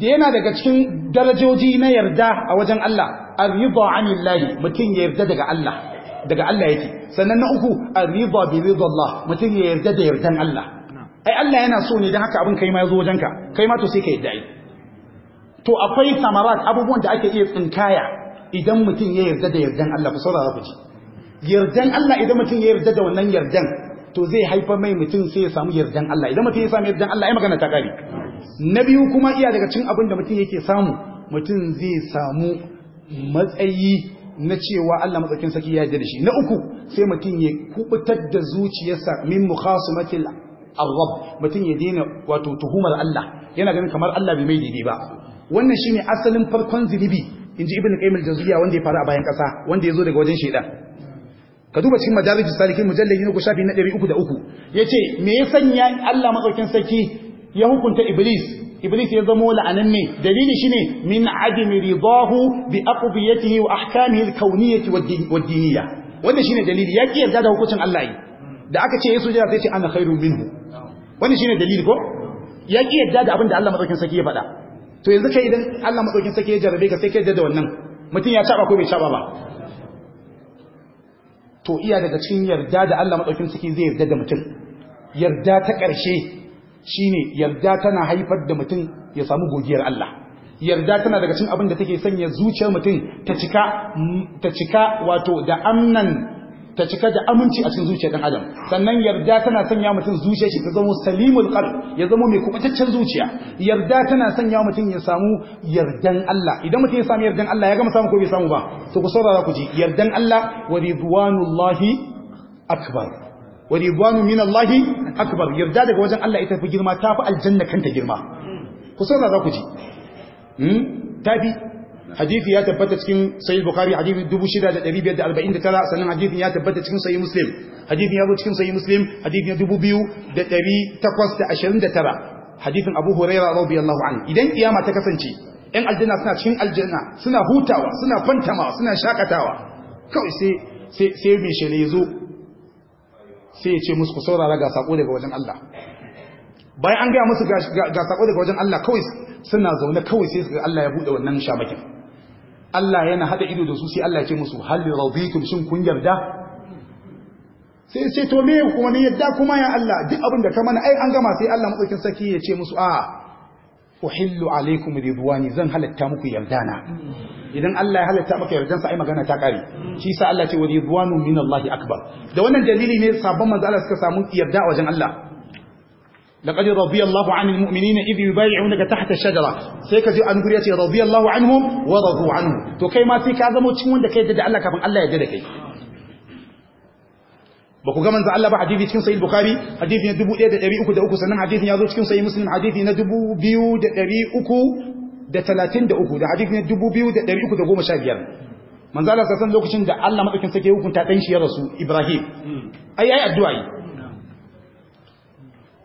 da yana daga cikin darajoji na yarda a wajen Allah arriba anillahi mutum ya yarda daga Allah daga Allah yake sannan na uku ar riba bi ridallah mutum ya yarda da yardan Allah ai Allah yana so ne dan haka abin kai ma yazo wajenka kai ma to sai ka yarda to akwai samarat abubuwan da ake iya tsinkaya idan mutum ya yarda da yardan Allah ku saurara ku ji yardan Allah idan mutum ya yarda da wannan yardan to zai haifa mai mutum sai ya samu yardan Allah idan mutum ya samu yardan Allah ai magana ta kare na biyu kuma iya daga cikin abin da mutum yake samu mutum zai samu matsayi na cewa Allah matsakin saki ya jirishi da shi na uku sai mutum ya kubutar da zuciyarsa min matil arab mutum ya daina wato tuhumar Allah yana ganin kamar Allah bai mai daidai ba wannan shi ne asalin farkon zunubi in ji qayyim al-jawziyya wanda ya faru a bayan kasa wanda ya zo daga wajen shaidan. ka duba cikin madarijus salikin mujallal na shafi na 303 yace me ya sanya Allah matsakin saki ya hukunta iblis iblis ya zamo la'ananne dalili shine min adimi ridahu bi aqdiyatihi wa ahkamihi al-kawniyyati wad-diniyya wannan shine dalili ya ki yarda da hukuncin Allah yi da aka ce yesu jira sai ce ana khairun minhu wannan shine dalili ko ya ki yarda da abin da Allah madaukakin saki ya faɗa to yanzu kai idan Allah madaukakin saki ya jarabe ka sai kai da wannan mutum ya saba ko bai saba ba to iya daga cikin yarda da Allah madaukakin saki zai yarda da mutum yarda ta ƙarshe Shi ne yarda tana haifar da mutum ya samu gogiyar Allah yarda tana daga cin abin da take sanya zuciyar mutum ta cika ta cika wato da amnan ta cika da aminci a cikin zuciyar dan adam sannan yarda tana sanya mutum zuciyar shi ta zama salimul qalb ya zama mai kubataccen zuciya yarda tana sanya mutum ya samu yardan Allah idan mutum ya samu yardan Allah ya gama samu ko bai samu ba to ku saurara ku ji yardan Allah wa ridwanullahi akbar wa ridwanu min Allah akbar yarda daga wajen Allah ita fi girma ta fi aljanna kanta girma ku sauna za ku ji Ta fi. Hadithi ya tabbata cikin sahih bukhari da tara sannan hadithi ya tabbata cikin sahih muslim hadithi ya zo cikin sahih muslim da tara. hadisin abu hurairah radiyallahu anhu idan kiyama ta kasance 'yan aljanna suna cikin aljanna suna hutawa suna fantamawa suna shakatawa kawai sai sai mai shele ya zo sai ya ce musu ku saurara ga sako daga wajen Allah bayan an gaya musu ga sako daga wajen Allah kawai suna zaune kawai sai su ga Allah ya buɗe wannan shabakin Allah yana hada ido da su sai Allah ya ce musu hal radikum shin kun yarda sai sai to me kuma ne yadda kuma ya Allah duk abin da ka mana ai an gama sai Allah madaukin saki ya ce musu a uhillu alaikum ridwani zan halatta muku yardana idan Allah ya halatta maka yardansa ai magana ta kare shi sa Allah ce wa ridwanu min Allah akbar da wannan dalili ne sabon manzo Allah suka samu yarda wajen Allah laqad radiyallahu anil mu'minina idh yubay'unaka tahta ash-shajara sai ka ji an guri ya ce radiyallahu anhum wa radu anhu to kai ma sai ka zama cikin wanda kai da Allah kafin Allah ya da kai ba ku ga manzo Allah ba hadisi cikin sahih bukhari hadisi na 1303 sannan hadisi ya zo cikin sahih muslim hadisi na 2333 da 33 da hadisi na 2315 manzo Allah san lokacin da Allah madaukin sake hukunta dan shi ya rasu Ibrahim ai ai addu'a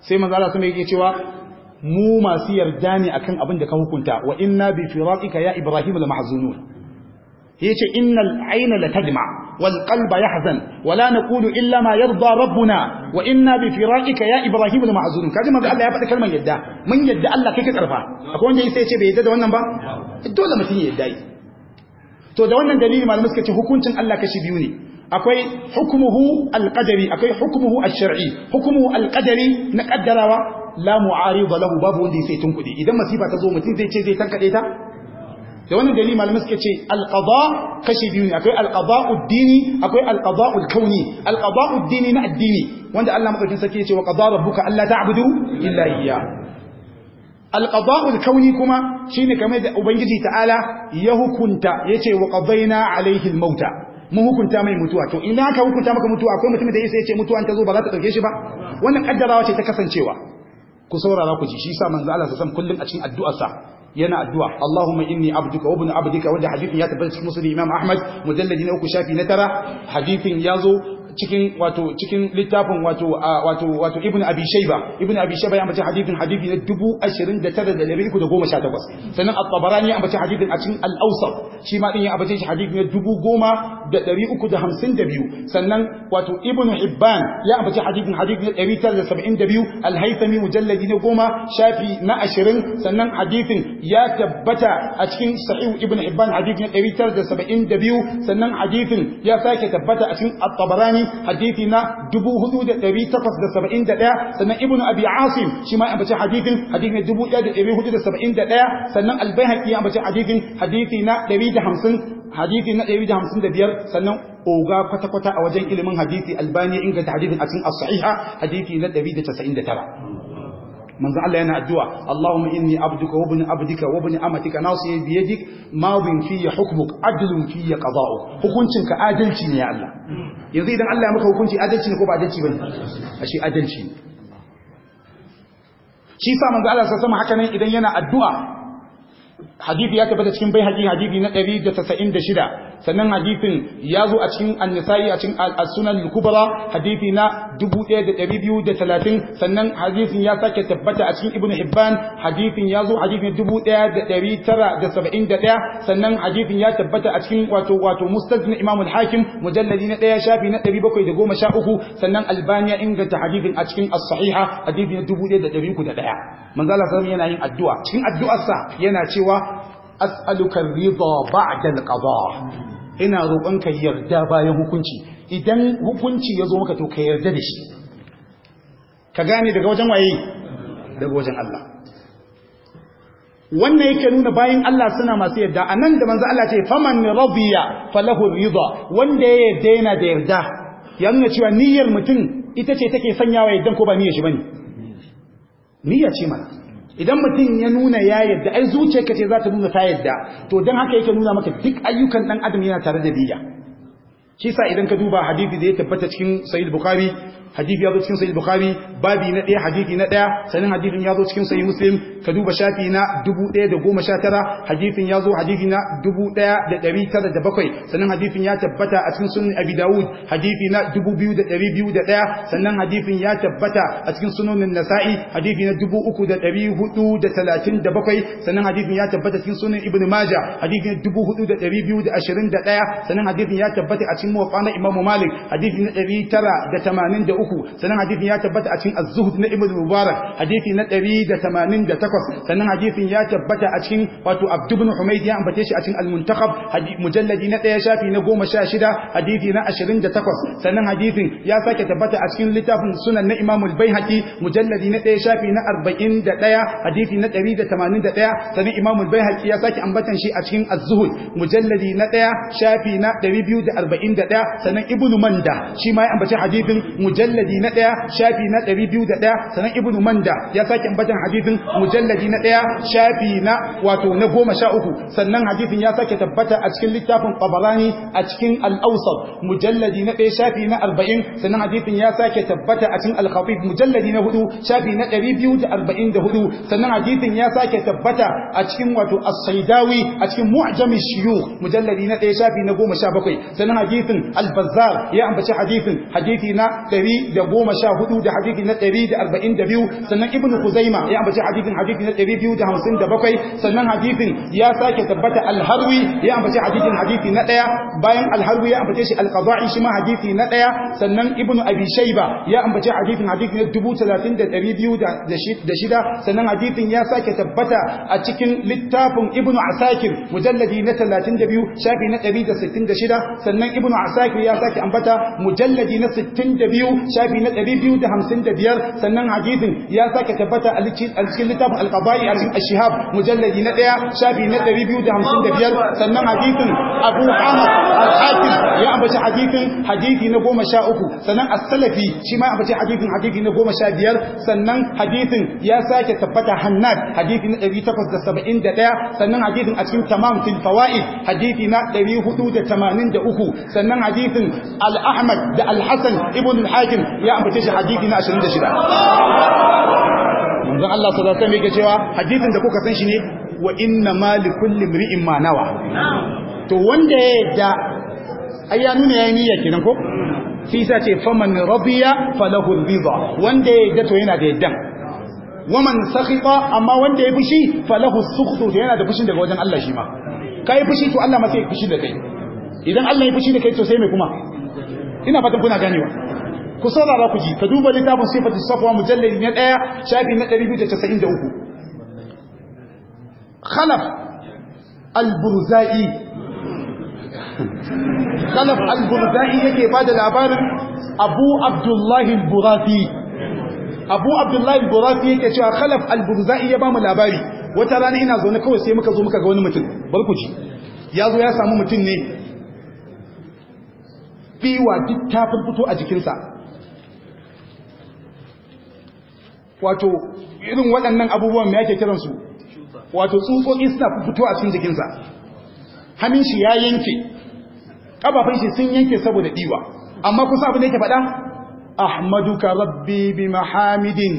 sai manzo Allah sun yake cewa mu masu yarda ne akan abin da ka hukunta wa inna bi firaqika ya Ibrahim la mahzunun yace innal ayna la tadma والقلب يحزن ولا نقول الا ما يرضى ربنا وانا بفراقك يا ابراهيم المعذور كاجي ما الله ya fada kalman yadda mun yadda Allah kai ka karfa akwai wanda yace yace bai yadda da wannan ba dole mutun yadda yi to da wannan dalili malamu suka ce hukuncin Allah kashi biyu ne akwai hukmuhu alqadari akwai hukmuhu alshar'i hukmuhu alqadari na kaddarawa la mu'arid lahu babu wanda tun kuɗi. idan masifa ta zo mutun zai ce zai tankade ta da wannan dalili malamai suka ce alqada kashi biyu ne akwai alqada'u dini akwai alqada'u kauni alqada'u dini na addini wanda Allah madaukakin sarki ya ce wa qada rabbuka alla ta'budu illa iyyah alqada'u kauni kuma shine kamar da ubangiji ta'ala ya hukunta yace wa qadaina alaihi almauta mu hukunta mai mutuwa to ina ka hukunta maka mutuwa akwai mutumin da yasa yace mutuwa an ta zo ba za ta dauke shi ba wannan kaddarawa ce ta kasancewa ku saurara ku ji shi sa manzo Allah sallallahu alaihi kullun a cikin addu'arsa yana addu'a Allahumma inni abduka wa ibn abdika wanda hadithin ya tabbata cikin musulmi Imam Ahmad mujalladi na uku shafi na tara hadithin ya zo cikin wato cikin littafin wato wato wato Ibn Abi Shayba Ibn Abi Shayba ya ambaci hadithin hadithi na 29318 sannan At-Tabarani ya ambaci hadithin a cikin Al-Awsat shi ma din ya ambace shi hadithi na 10 da ɗari uku da hamsin da biyu sannan wato ibn hibban ya ambaci hadisin hadisin ɗari tara da saba'in da biyu alhaisami mujalladi na goma shafi na ashirin sannan hadisin ya tabbata a cikin sahihu ibn hibban hadisin ɗari tara da saba'in da biyu sannan hadisin ya sake tabbata a cikin at-tabarani hadisi na dubu hudu da ɗari takwas da saba'in da ɗaya sannan ibn abi asim shi ma ambaci hadisin hadisin na dubu ɗaya da ɗari hudu da saba'in da ɗaya sannan albayhaqi ya ambaci hadisin hadisi na ɗari da hamsin hadisi na 155 sannan oga kwata-kwata a wajen ilimin hadisi albaniya inganta hadisin a cikin as-sahiha hadisi na 199 manzo Allah yana addu'a Allahumma inni abduka wa ibn abdika wa ibn amatika nasiyi bi yadik madin fi hukmuk adlun fi qada'u hukuncin ka adalci ne ya Allah yanzu idan Allah ya maka hukunci adalci ne ko ba adalci bane ashe adalci ne shi sa manzo Allah sallallahu alaihi wasallam haka nan idan yana addu'a hadisi ya tabbata cikin bai haƙi hadisi na 196 sannan hadithin ya zo a cikin annisa'i a cikin as-sunan al-kubra hadithi na 1230 sannan hadithin ya sake tabbata a cikin ibn hibban hadithin ya zo hadithin 1971 sannan hadithin ya tabbata a cikin wato wato mustadrak imam al-hakim mujalladi na 1 shafi na 713 sannan albani ya inganta hadithin a cikin as-sahiha hadithin 1301 manzo Allah sallallahu yana yin addu'a cikin addu'arsa yana cewa as'aluka ar-ridha ba'da al-qada ina roƙon ka yarda bayan hukunci idan hukunci ya zo maka to ka yarda da shi ka gane daga wajen waye daga wajen Allah wannan yake nuna bayan Allah suna masu yarda a nan da manzo Allah ce faman radiya falahu ridha wanda ya yarda yana da yarda ya nuna cewa niyyar mutum ita ce take sanyawa yaddan ko ba niyyar shi bane niyya ce mana idan mutum ya nuna ya yadda ai zuciyarka ce za ta nuna ta yadda to dan haka yake nuna maka duk ayyukan dan adam yana tare da biya. shi sa idan ka duba hadisi da ya tabbata cikin sahih bukhari hadisi ya zo cikin sahih bukhari babi na ɗaya hadisi na ɗaya sanin hadisin ya zo cikin sahih muslim ka duba shafi na 1019 hadisin ya zo hadisi na 1907 sanin hadisin ya tabbata a cikin sunan abi daud hadisi na 2201 sannan hadisin ya tabbata a cikin sunan nasa'i hadisi na 3437 sannan hadisin ya tabbata cikin sunan ibnu majah hadisi na 4221 sanin hadisin ya tabbata a cikin muwaffaq imamu malik hadisi na 983 uku sannan hadisin ya tabbata a cikin az-zuhd na ibnu mubarak hadisi na 188 sannan hadisin ya tabbata a cikin wato abd ibn humayd ya ambace shi a cikin al-muntakhab mujalladi na 1 shafi na 16 hadisi na 28 sannan hadisin ya sake tabbata a cikin littafin sunan na imam al-baihaqi mujalladi na 1 shafi na 41 hadisi na 181 sannan imam al-baihaqi ya sake ambatan shi a cikin az-zuhd mujalladi na 1 shafi na 241 sannan ibnu manda shi ma ya ambace hadisin mujalladi mujalladi na ɗaya shafi na ɗari biyu da ɗaya sannan ibnu manda ya sake ambatan hadithin mujalladi na ɗaya shafi na wato na goma sha uku sannan hadithin ya sake tabbata a cikin littafin tabarani a cikin al'ausar mujalladi na ɗaya shafi na arba'in sannan hadithin ya sake tabbata a cikin alkhafif mujalladi na hudu shafi na ɗari biyu da arba'in da hudu sannan hadithin ya sake tabbata a cikin wato as-saidawi a cikin Mu'ajami shiyu mujalladi na ɗaya shafi na goma sha bakwai sannan hadithin al-bazzar ya ambaci hadithin hadisi na ɗari 114 da hadisi na 142 sannan ibnu kuzaima ya ambaci hadisin hadisi na 257 sannan hadisin ya sake tabbata al-harwi ya ambaci hadisin hadisi na 1 bayan al-harwi ya ambace shi al-qada'i shi ma hadisi na 1 sannan ibnu abi shayba ya ambace hadisin hadisi na da 30206 sannan hadisin ya sake tabbata a cikin littafin ibnu asakir mujalladi na 32 shafi na 166 sannan ibnu asakir ya sake ambata mujalladi na 62 shafi na 255 sannan hadisin ya sake tabbata a cikin littafin al-qaba'i a cikin ashihab mujalladi na 1 shafi na 255 sannan hadisin abu amr al-hakim ya ambaci hadisin hadisi na 13 sannan as-salafi shi ma ambaci hadisin hadisi na 15 sannan hadisin ya sake tabbata hannad hadisi na 871 sannan hadisin a cikin tamam fil fawaid hadisi na 483 sannan hadisin al-ahmad da al-hasan ibn al-hajj hakim ya ambace shi hadisi na 26 manzon Allah sallallahu alaihi yake cewa hadisin da kuka san shi ne wa inna ma likulli ma nawa to wanda ya yadda ai ya nuna yayi niyya kenan ko shi sa ce faman radiya falahu ridha wanda ya yadda to yana da yaddan waman sakhita amma wanda ya fushi falahu sukhtu yana da fushin daga wajen Allah shi ma kai fushi to Allah ma sai fushi da kai idan Allah ya fushi da kai to sai mai kuma ina fatan kuna ganewa ku saurara ku ji ka duba littafin sifatu safwa mujallal na 1 shafi na 293 khalaf al-burzai khalaf al-burzai yake bada labarin abu abdullahi al-burafi abu abdullahi al-burafi yake cewa khalaf al-burzai ya bamu labari wata rana ina zaune kawai sai muka zo muka ga wani mutum bar ku ji ya zo ya samu mutum ne biwa duk ta fito a jikinsa wato irin waɗannan abubuwan mai ake kiransu wato tsutsotsi suna fito a cikin jikinsa hannun shi ya yanke ƙafafin shi sun yanke saboda ɗiwa. amma kusa abin da yake faɗa ka rabbi bi mahamidin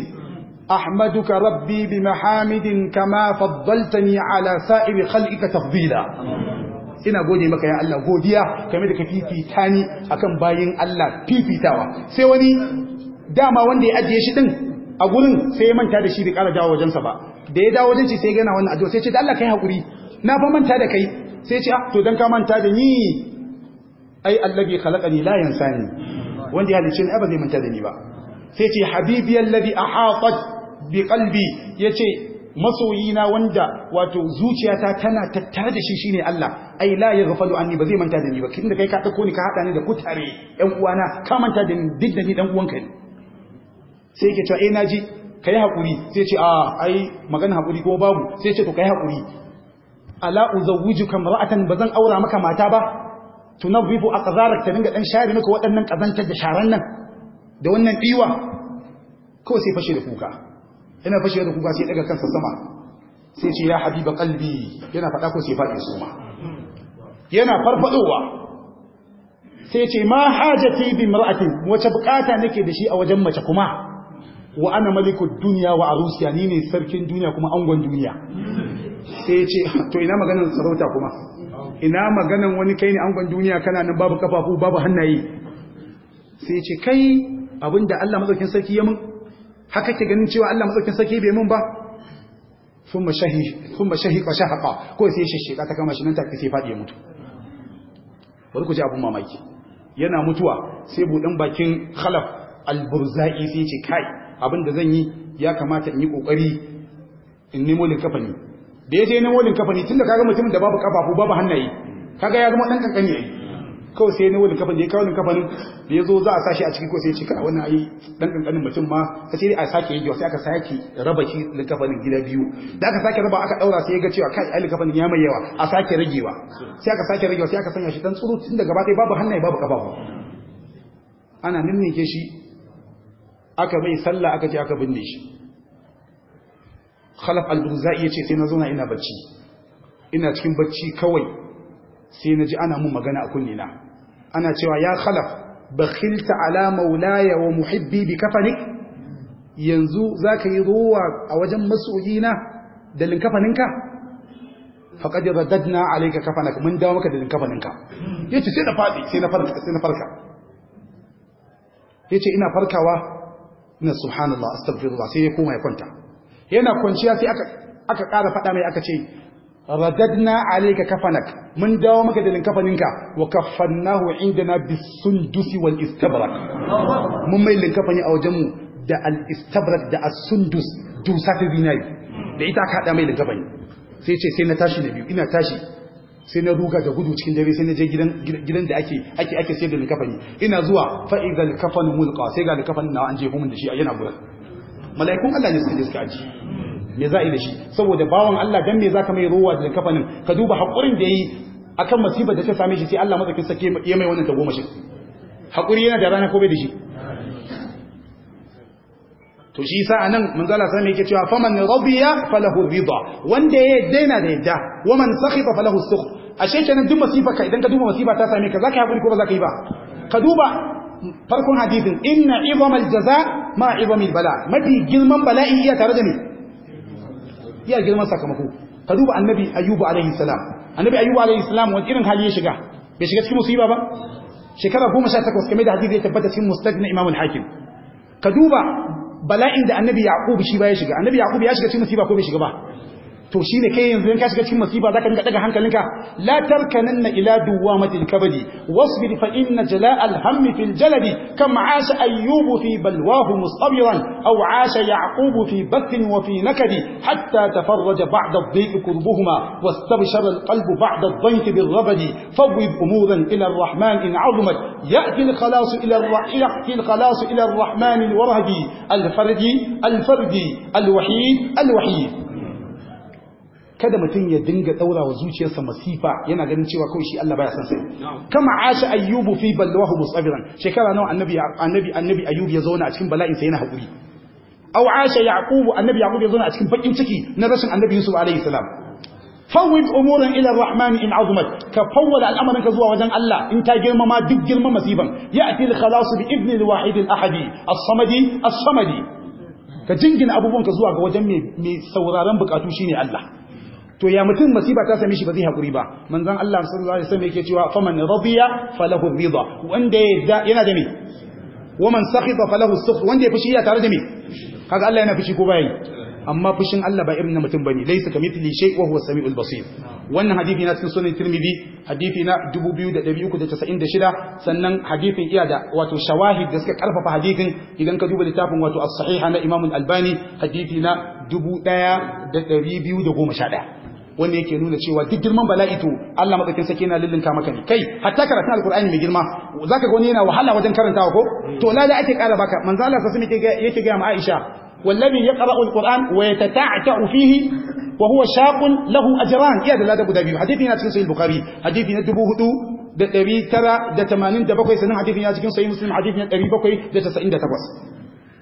ka rabbi bi mahamidin kama ni ala sa'iri khal'ika tafdila ina gode maka ya Allah godiya game da ka fifita ni akan bayin Allah fifitawa sai wani dama wanda ya ajiye shi ɗin? a gurin sai ya manta da shi bai kara dawo wajensa ba da ya dawo wajen shi sai gana wannan addu'a sai ce da Allah kai Haƙuri. na fa manta da kai sai ce ah, to don ka manta da ni ai Allah allazi ni layan sani wanda ya halice ni ba zai manta da ni ba sai ce habibi a ahatat bi qalbi yace masoyina wanda wato zuciyata tana tattare da shi shine Allah ai la yaghfalu anni ba zai manta da ni ba kin da kai ka dauko ni ka hada ni da kutare yan uwana ka manta da ni duk da ni dan uwanka ne sai yake cewa eh naji kai hakuri sai ce a ah, ai magana hakuri ko babu sai ce to kai hakuri ala uzawwijuka mar'atan bazan aura maka mata ba tunabbibu aqzarak ta dinga dan share maka wadannan kazantar da sharan nan da wannan diwa kawai sai fashe da kuka ina fashe da kuka sai daga kansa sama sai ce ya habiba qalbi yana fada ko sai faɗi suma yana farfadowa sai ce ma hajati bi mar'atin wace bukata nake da shi a wajen mace kuma wa ana malikud duniya wa arusiya ni ne sarkin duniya kuma angon duniya sai ce to ina maganar sarauta kuma ina maganar wani kai ne angon duniya kana nan babu kafafu babu hannaye sai ce kai abinda Allah madaukin sarki ya mun haka ke ganin cewa Allah madaukin sarki bai mun ba thumma shahi thumma shahi wa shahaqa ko sai shi sheka ta kama shi nan take sai fadi ya mutu bari ku ji abun mamaki yana mutuwa sai budan bakin khalaf al-burzai sai ce kai abin da zan yi ya kamata in yi kokari in nemo linkafani da ya je nemo linkafani tun da kaga mutumin da babu kafafu babu hannaye kaga ya zama dan kankani yayi kawai sai nemo linkafani da ya kawo linkafanin da ya zo za a sashi a ciki ko sai ya ce kana wannan ayi dan kankanin mutum ma sai a sake yi sai aka sake raba shi linkafanin gida biyu da aka sake raba aka daura sai ya ga cewa kai ai linkafanin ya mai yawa a sake ragewa sai aka sake ragewa sai aka sanya shi dan tsuru tun da gaba ɗaya babu hannaye babu kafafu ana ninninke shi aka mai sallah aka ce aka binne shi khalaf al iya ce sai na zauna ina bacci ina cikin bacci kawai sai na ji ana mun magana a kunne na ana cewa ya khalaf bakhilta ala maulaya wa muhibbi bi kafanik yanzu zaka yi ruwa a wajen masoyina da linkafaninka faqad raddadna alayka kafanak mun dawo maka da linkafaninka yace sai na fadi sai na farka sai na farka yace ina farkawa ina subhanallah astaghfirullah sai ya koma ya kwanta yana kwanciya sai aka aka ƙara faɗa mai aka ce radadna alayka kafanak mun dawo maka da linkafaninka wa kaffannahu indana bisundusi wal istabrak mun mai linkafani a wajen mu da al istabrak da as-sundus dusa ta zinari da ita ka haɗa mai linkafani sai ce sai na tashi na biyu ina tashi sai na ruga da gudu cikin dare sai na je gidan da ake ake ake sayar da likafani ina zuwa fa idhal kafan mulqa sai ga likafan na an je mun da shi yana gurin mala'ikun Allah ne suka je suka aji me za a yi da shi saboda bawan Allah dan me zaka mai ruwa da likafanin ka duba hakurin da yayi akan masibar da ta same shi sai Allah madaukin sake ya mai wannan tagomashin hakuri yana da rana ko bai da shi to shi yasa anan manzala sai yake cewa faman radiya falahu ridha wanda ya daina da yadda waman sakhita falahu sukh ashe kenan duk masifa ka idan ka duba masifa ta same ka zaka hakuri ko ba zaka yi ba ka duba farkon hadisin inna izamal jaza ma izamil bala Madi girman bala'i iya tare da ni iya girman sakamako ka duba annabi ayyubu alaihi salam annabi ayyubu alaihi salam wani irin hali ya shiga bai shiga cikin musiba ba shekara 18 kamar da hadisi ya tabbata cikin mustadna imam al-hakim ka duba bala'in da annabi yaqub shi ba ya shiga annabi yaqub ya shiga cikin musiba ko bai shiga ba to shi ne kai yanzu in ka shiga cikin masifa zaka dinga daga hankalinka la tarkananna ila duwamatil kabadi wasbir fa inna jala'al hammi fil jaladi kama asha ayyubu fi balwahu mustabiran aw asha yaqubu fi bathin wa fi nakadi hatta tafarraja ba'da adh-dhayq kurbuhuma wastabshara al-qalbu ba'da adh-dhayq bil-rabadi fawwid umuran ila ar-rahman in 'azumat ya'ti al-khalas ila ar-rahman الخلاص إلى الرحمن الوردي الفردي الفردي الوحيد الوحيد kada mutum ya dinga daura wa zuciyarsa masifa yana ganin cewa kawai shi Allah baya san sai kama asha ayyubu fi balwahu musabiran shekara nawa annabi annabi annabi ayyub ya zauna a cikin bala'in yana hakuri aw asha yaqubu annabi yaqub ya zauna a cikin bakin ciki na rashin annabi yusuf alaihi salam fawwid umuran ila rahman in azumat ka fawwala al'amarin ka zuwa wajen Allah in ta girmama duk girma masifan ya'ti al-khalas bi ibn al-wahid al-ahadi as-samadi as-samadi ka jingina abubuwan ka zuwa ga wajen mai sauraron bukatu shine Allah to ya mutum masiba ta same shi ba zai haƙuri ba manzon Allah sallallahu alaihi wasallam yake cewa faman radiya falahu ridha wanda yana da me waman sakhita falahu sukh wanda ya fushi ya tare da me kaga Allah yana fushi ko bai amma fushin Allah ba irin na mutum bane laysa kamithli shay wa huwa samiul basir wannan hadisi na cikin sunan tirmidhi hadisi na 2396 sannan hadisin iya da wato shawahid da suka karfafa hadisin idan ka duba littafin wato as-sahiha na Imam al-Albani hadisi na 1211 wanda yake nuna cewa duk girman bala'i to Allah madaukakin sarki yana lullunta maka ne kai hatta karatun alqur'ani mai girma zaka ga wani yana wahala wajen karantawa ko to lada ake kara baka manzo Allah sallallahu alaihi yake ga ma Aisha wallazi yaqra'u alqur'an wa yatata'u fihi wa huwa shaqun lahu ajran iya da lada guda biyu hadisi na cikin sahih bukhari hadithi na 4000 da ɗari tara da tamanin da bakwai sannan hadifin ya cikin sayi musulun hadithi na ɗari bakwai da tasa'in da takwas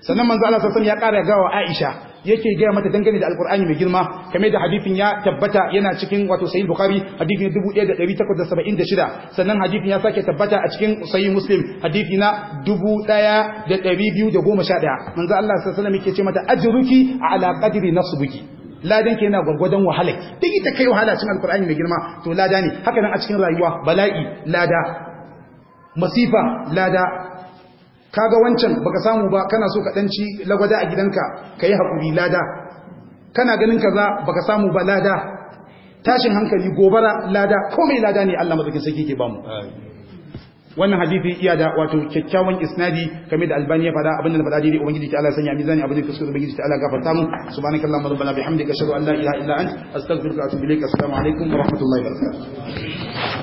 sannan manzo Allah sassan ya ƙara gawa Aisha yake gaya mata dangane da alkur'ani mai girma kamar da hadisin ya tabbata yana cikin wato sahih bukhari hadisi 1876 sannan hadisin ya sake tabbata a cikin sahih muslim hadisi na 1211 manzo Allah sallallahu alaihi wasallam ce mata ajruki ala qadri nasbuki ladan ke yana gwargwadon wahala duk ita kai wahala cikin alkur'ani mai girma to lada ne haka nan a cikin rayuwa bala'i lada masifa lada kaga wancan baka samu ba kana so ka danci lagwada a gidanka ka yi haƙuri lada kana ganin kaza baka samu ba lada tashin hankali gobara lada komai lada ne Allah madaukin sarki ke bamu wannan hadisi iya da wato kyakkyawan isnadi kamar da albani ya fada abin da fada dai ubangiji ta Allah sanya mizani abin da fuskar ubangiji ta Allah gafarta mu subhanakallahumma rabbana bihamdika ashhadu an la ilaha illa anta astaghfiruka wa atubu ilaik assalamu alaikum wa rahmatullahi wa barakatuh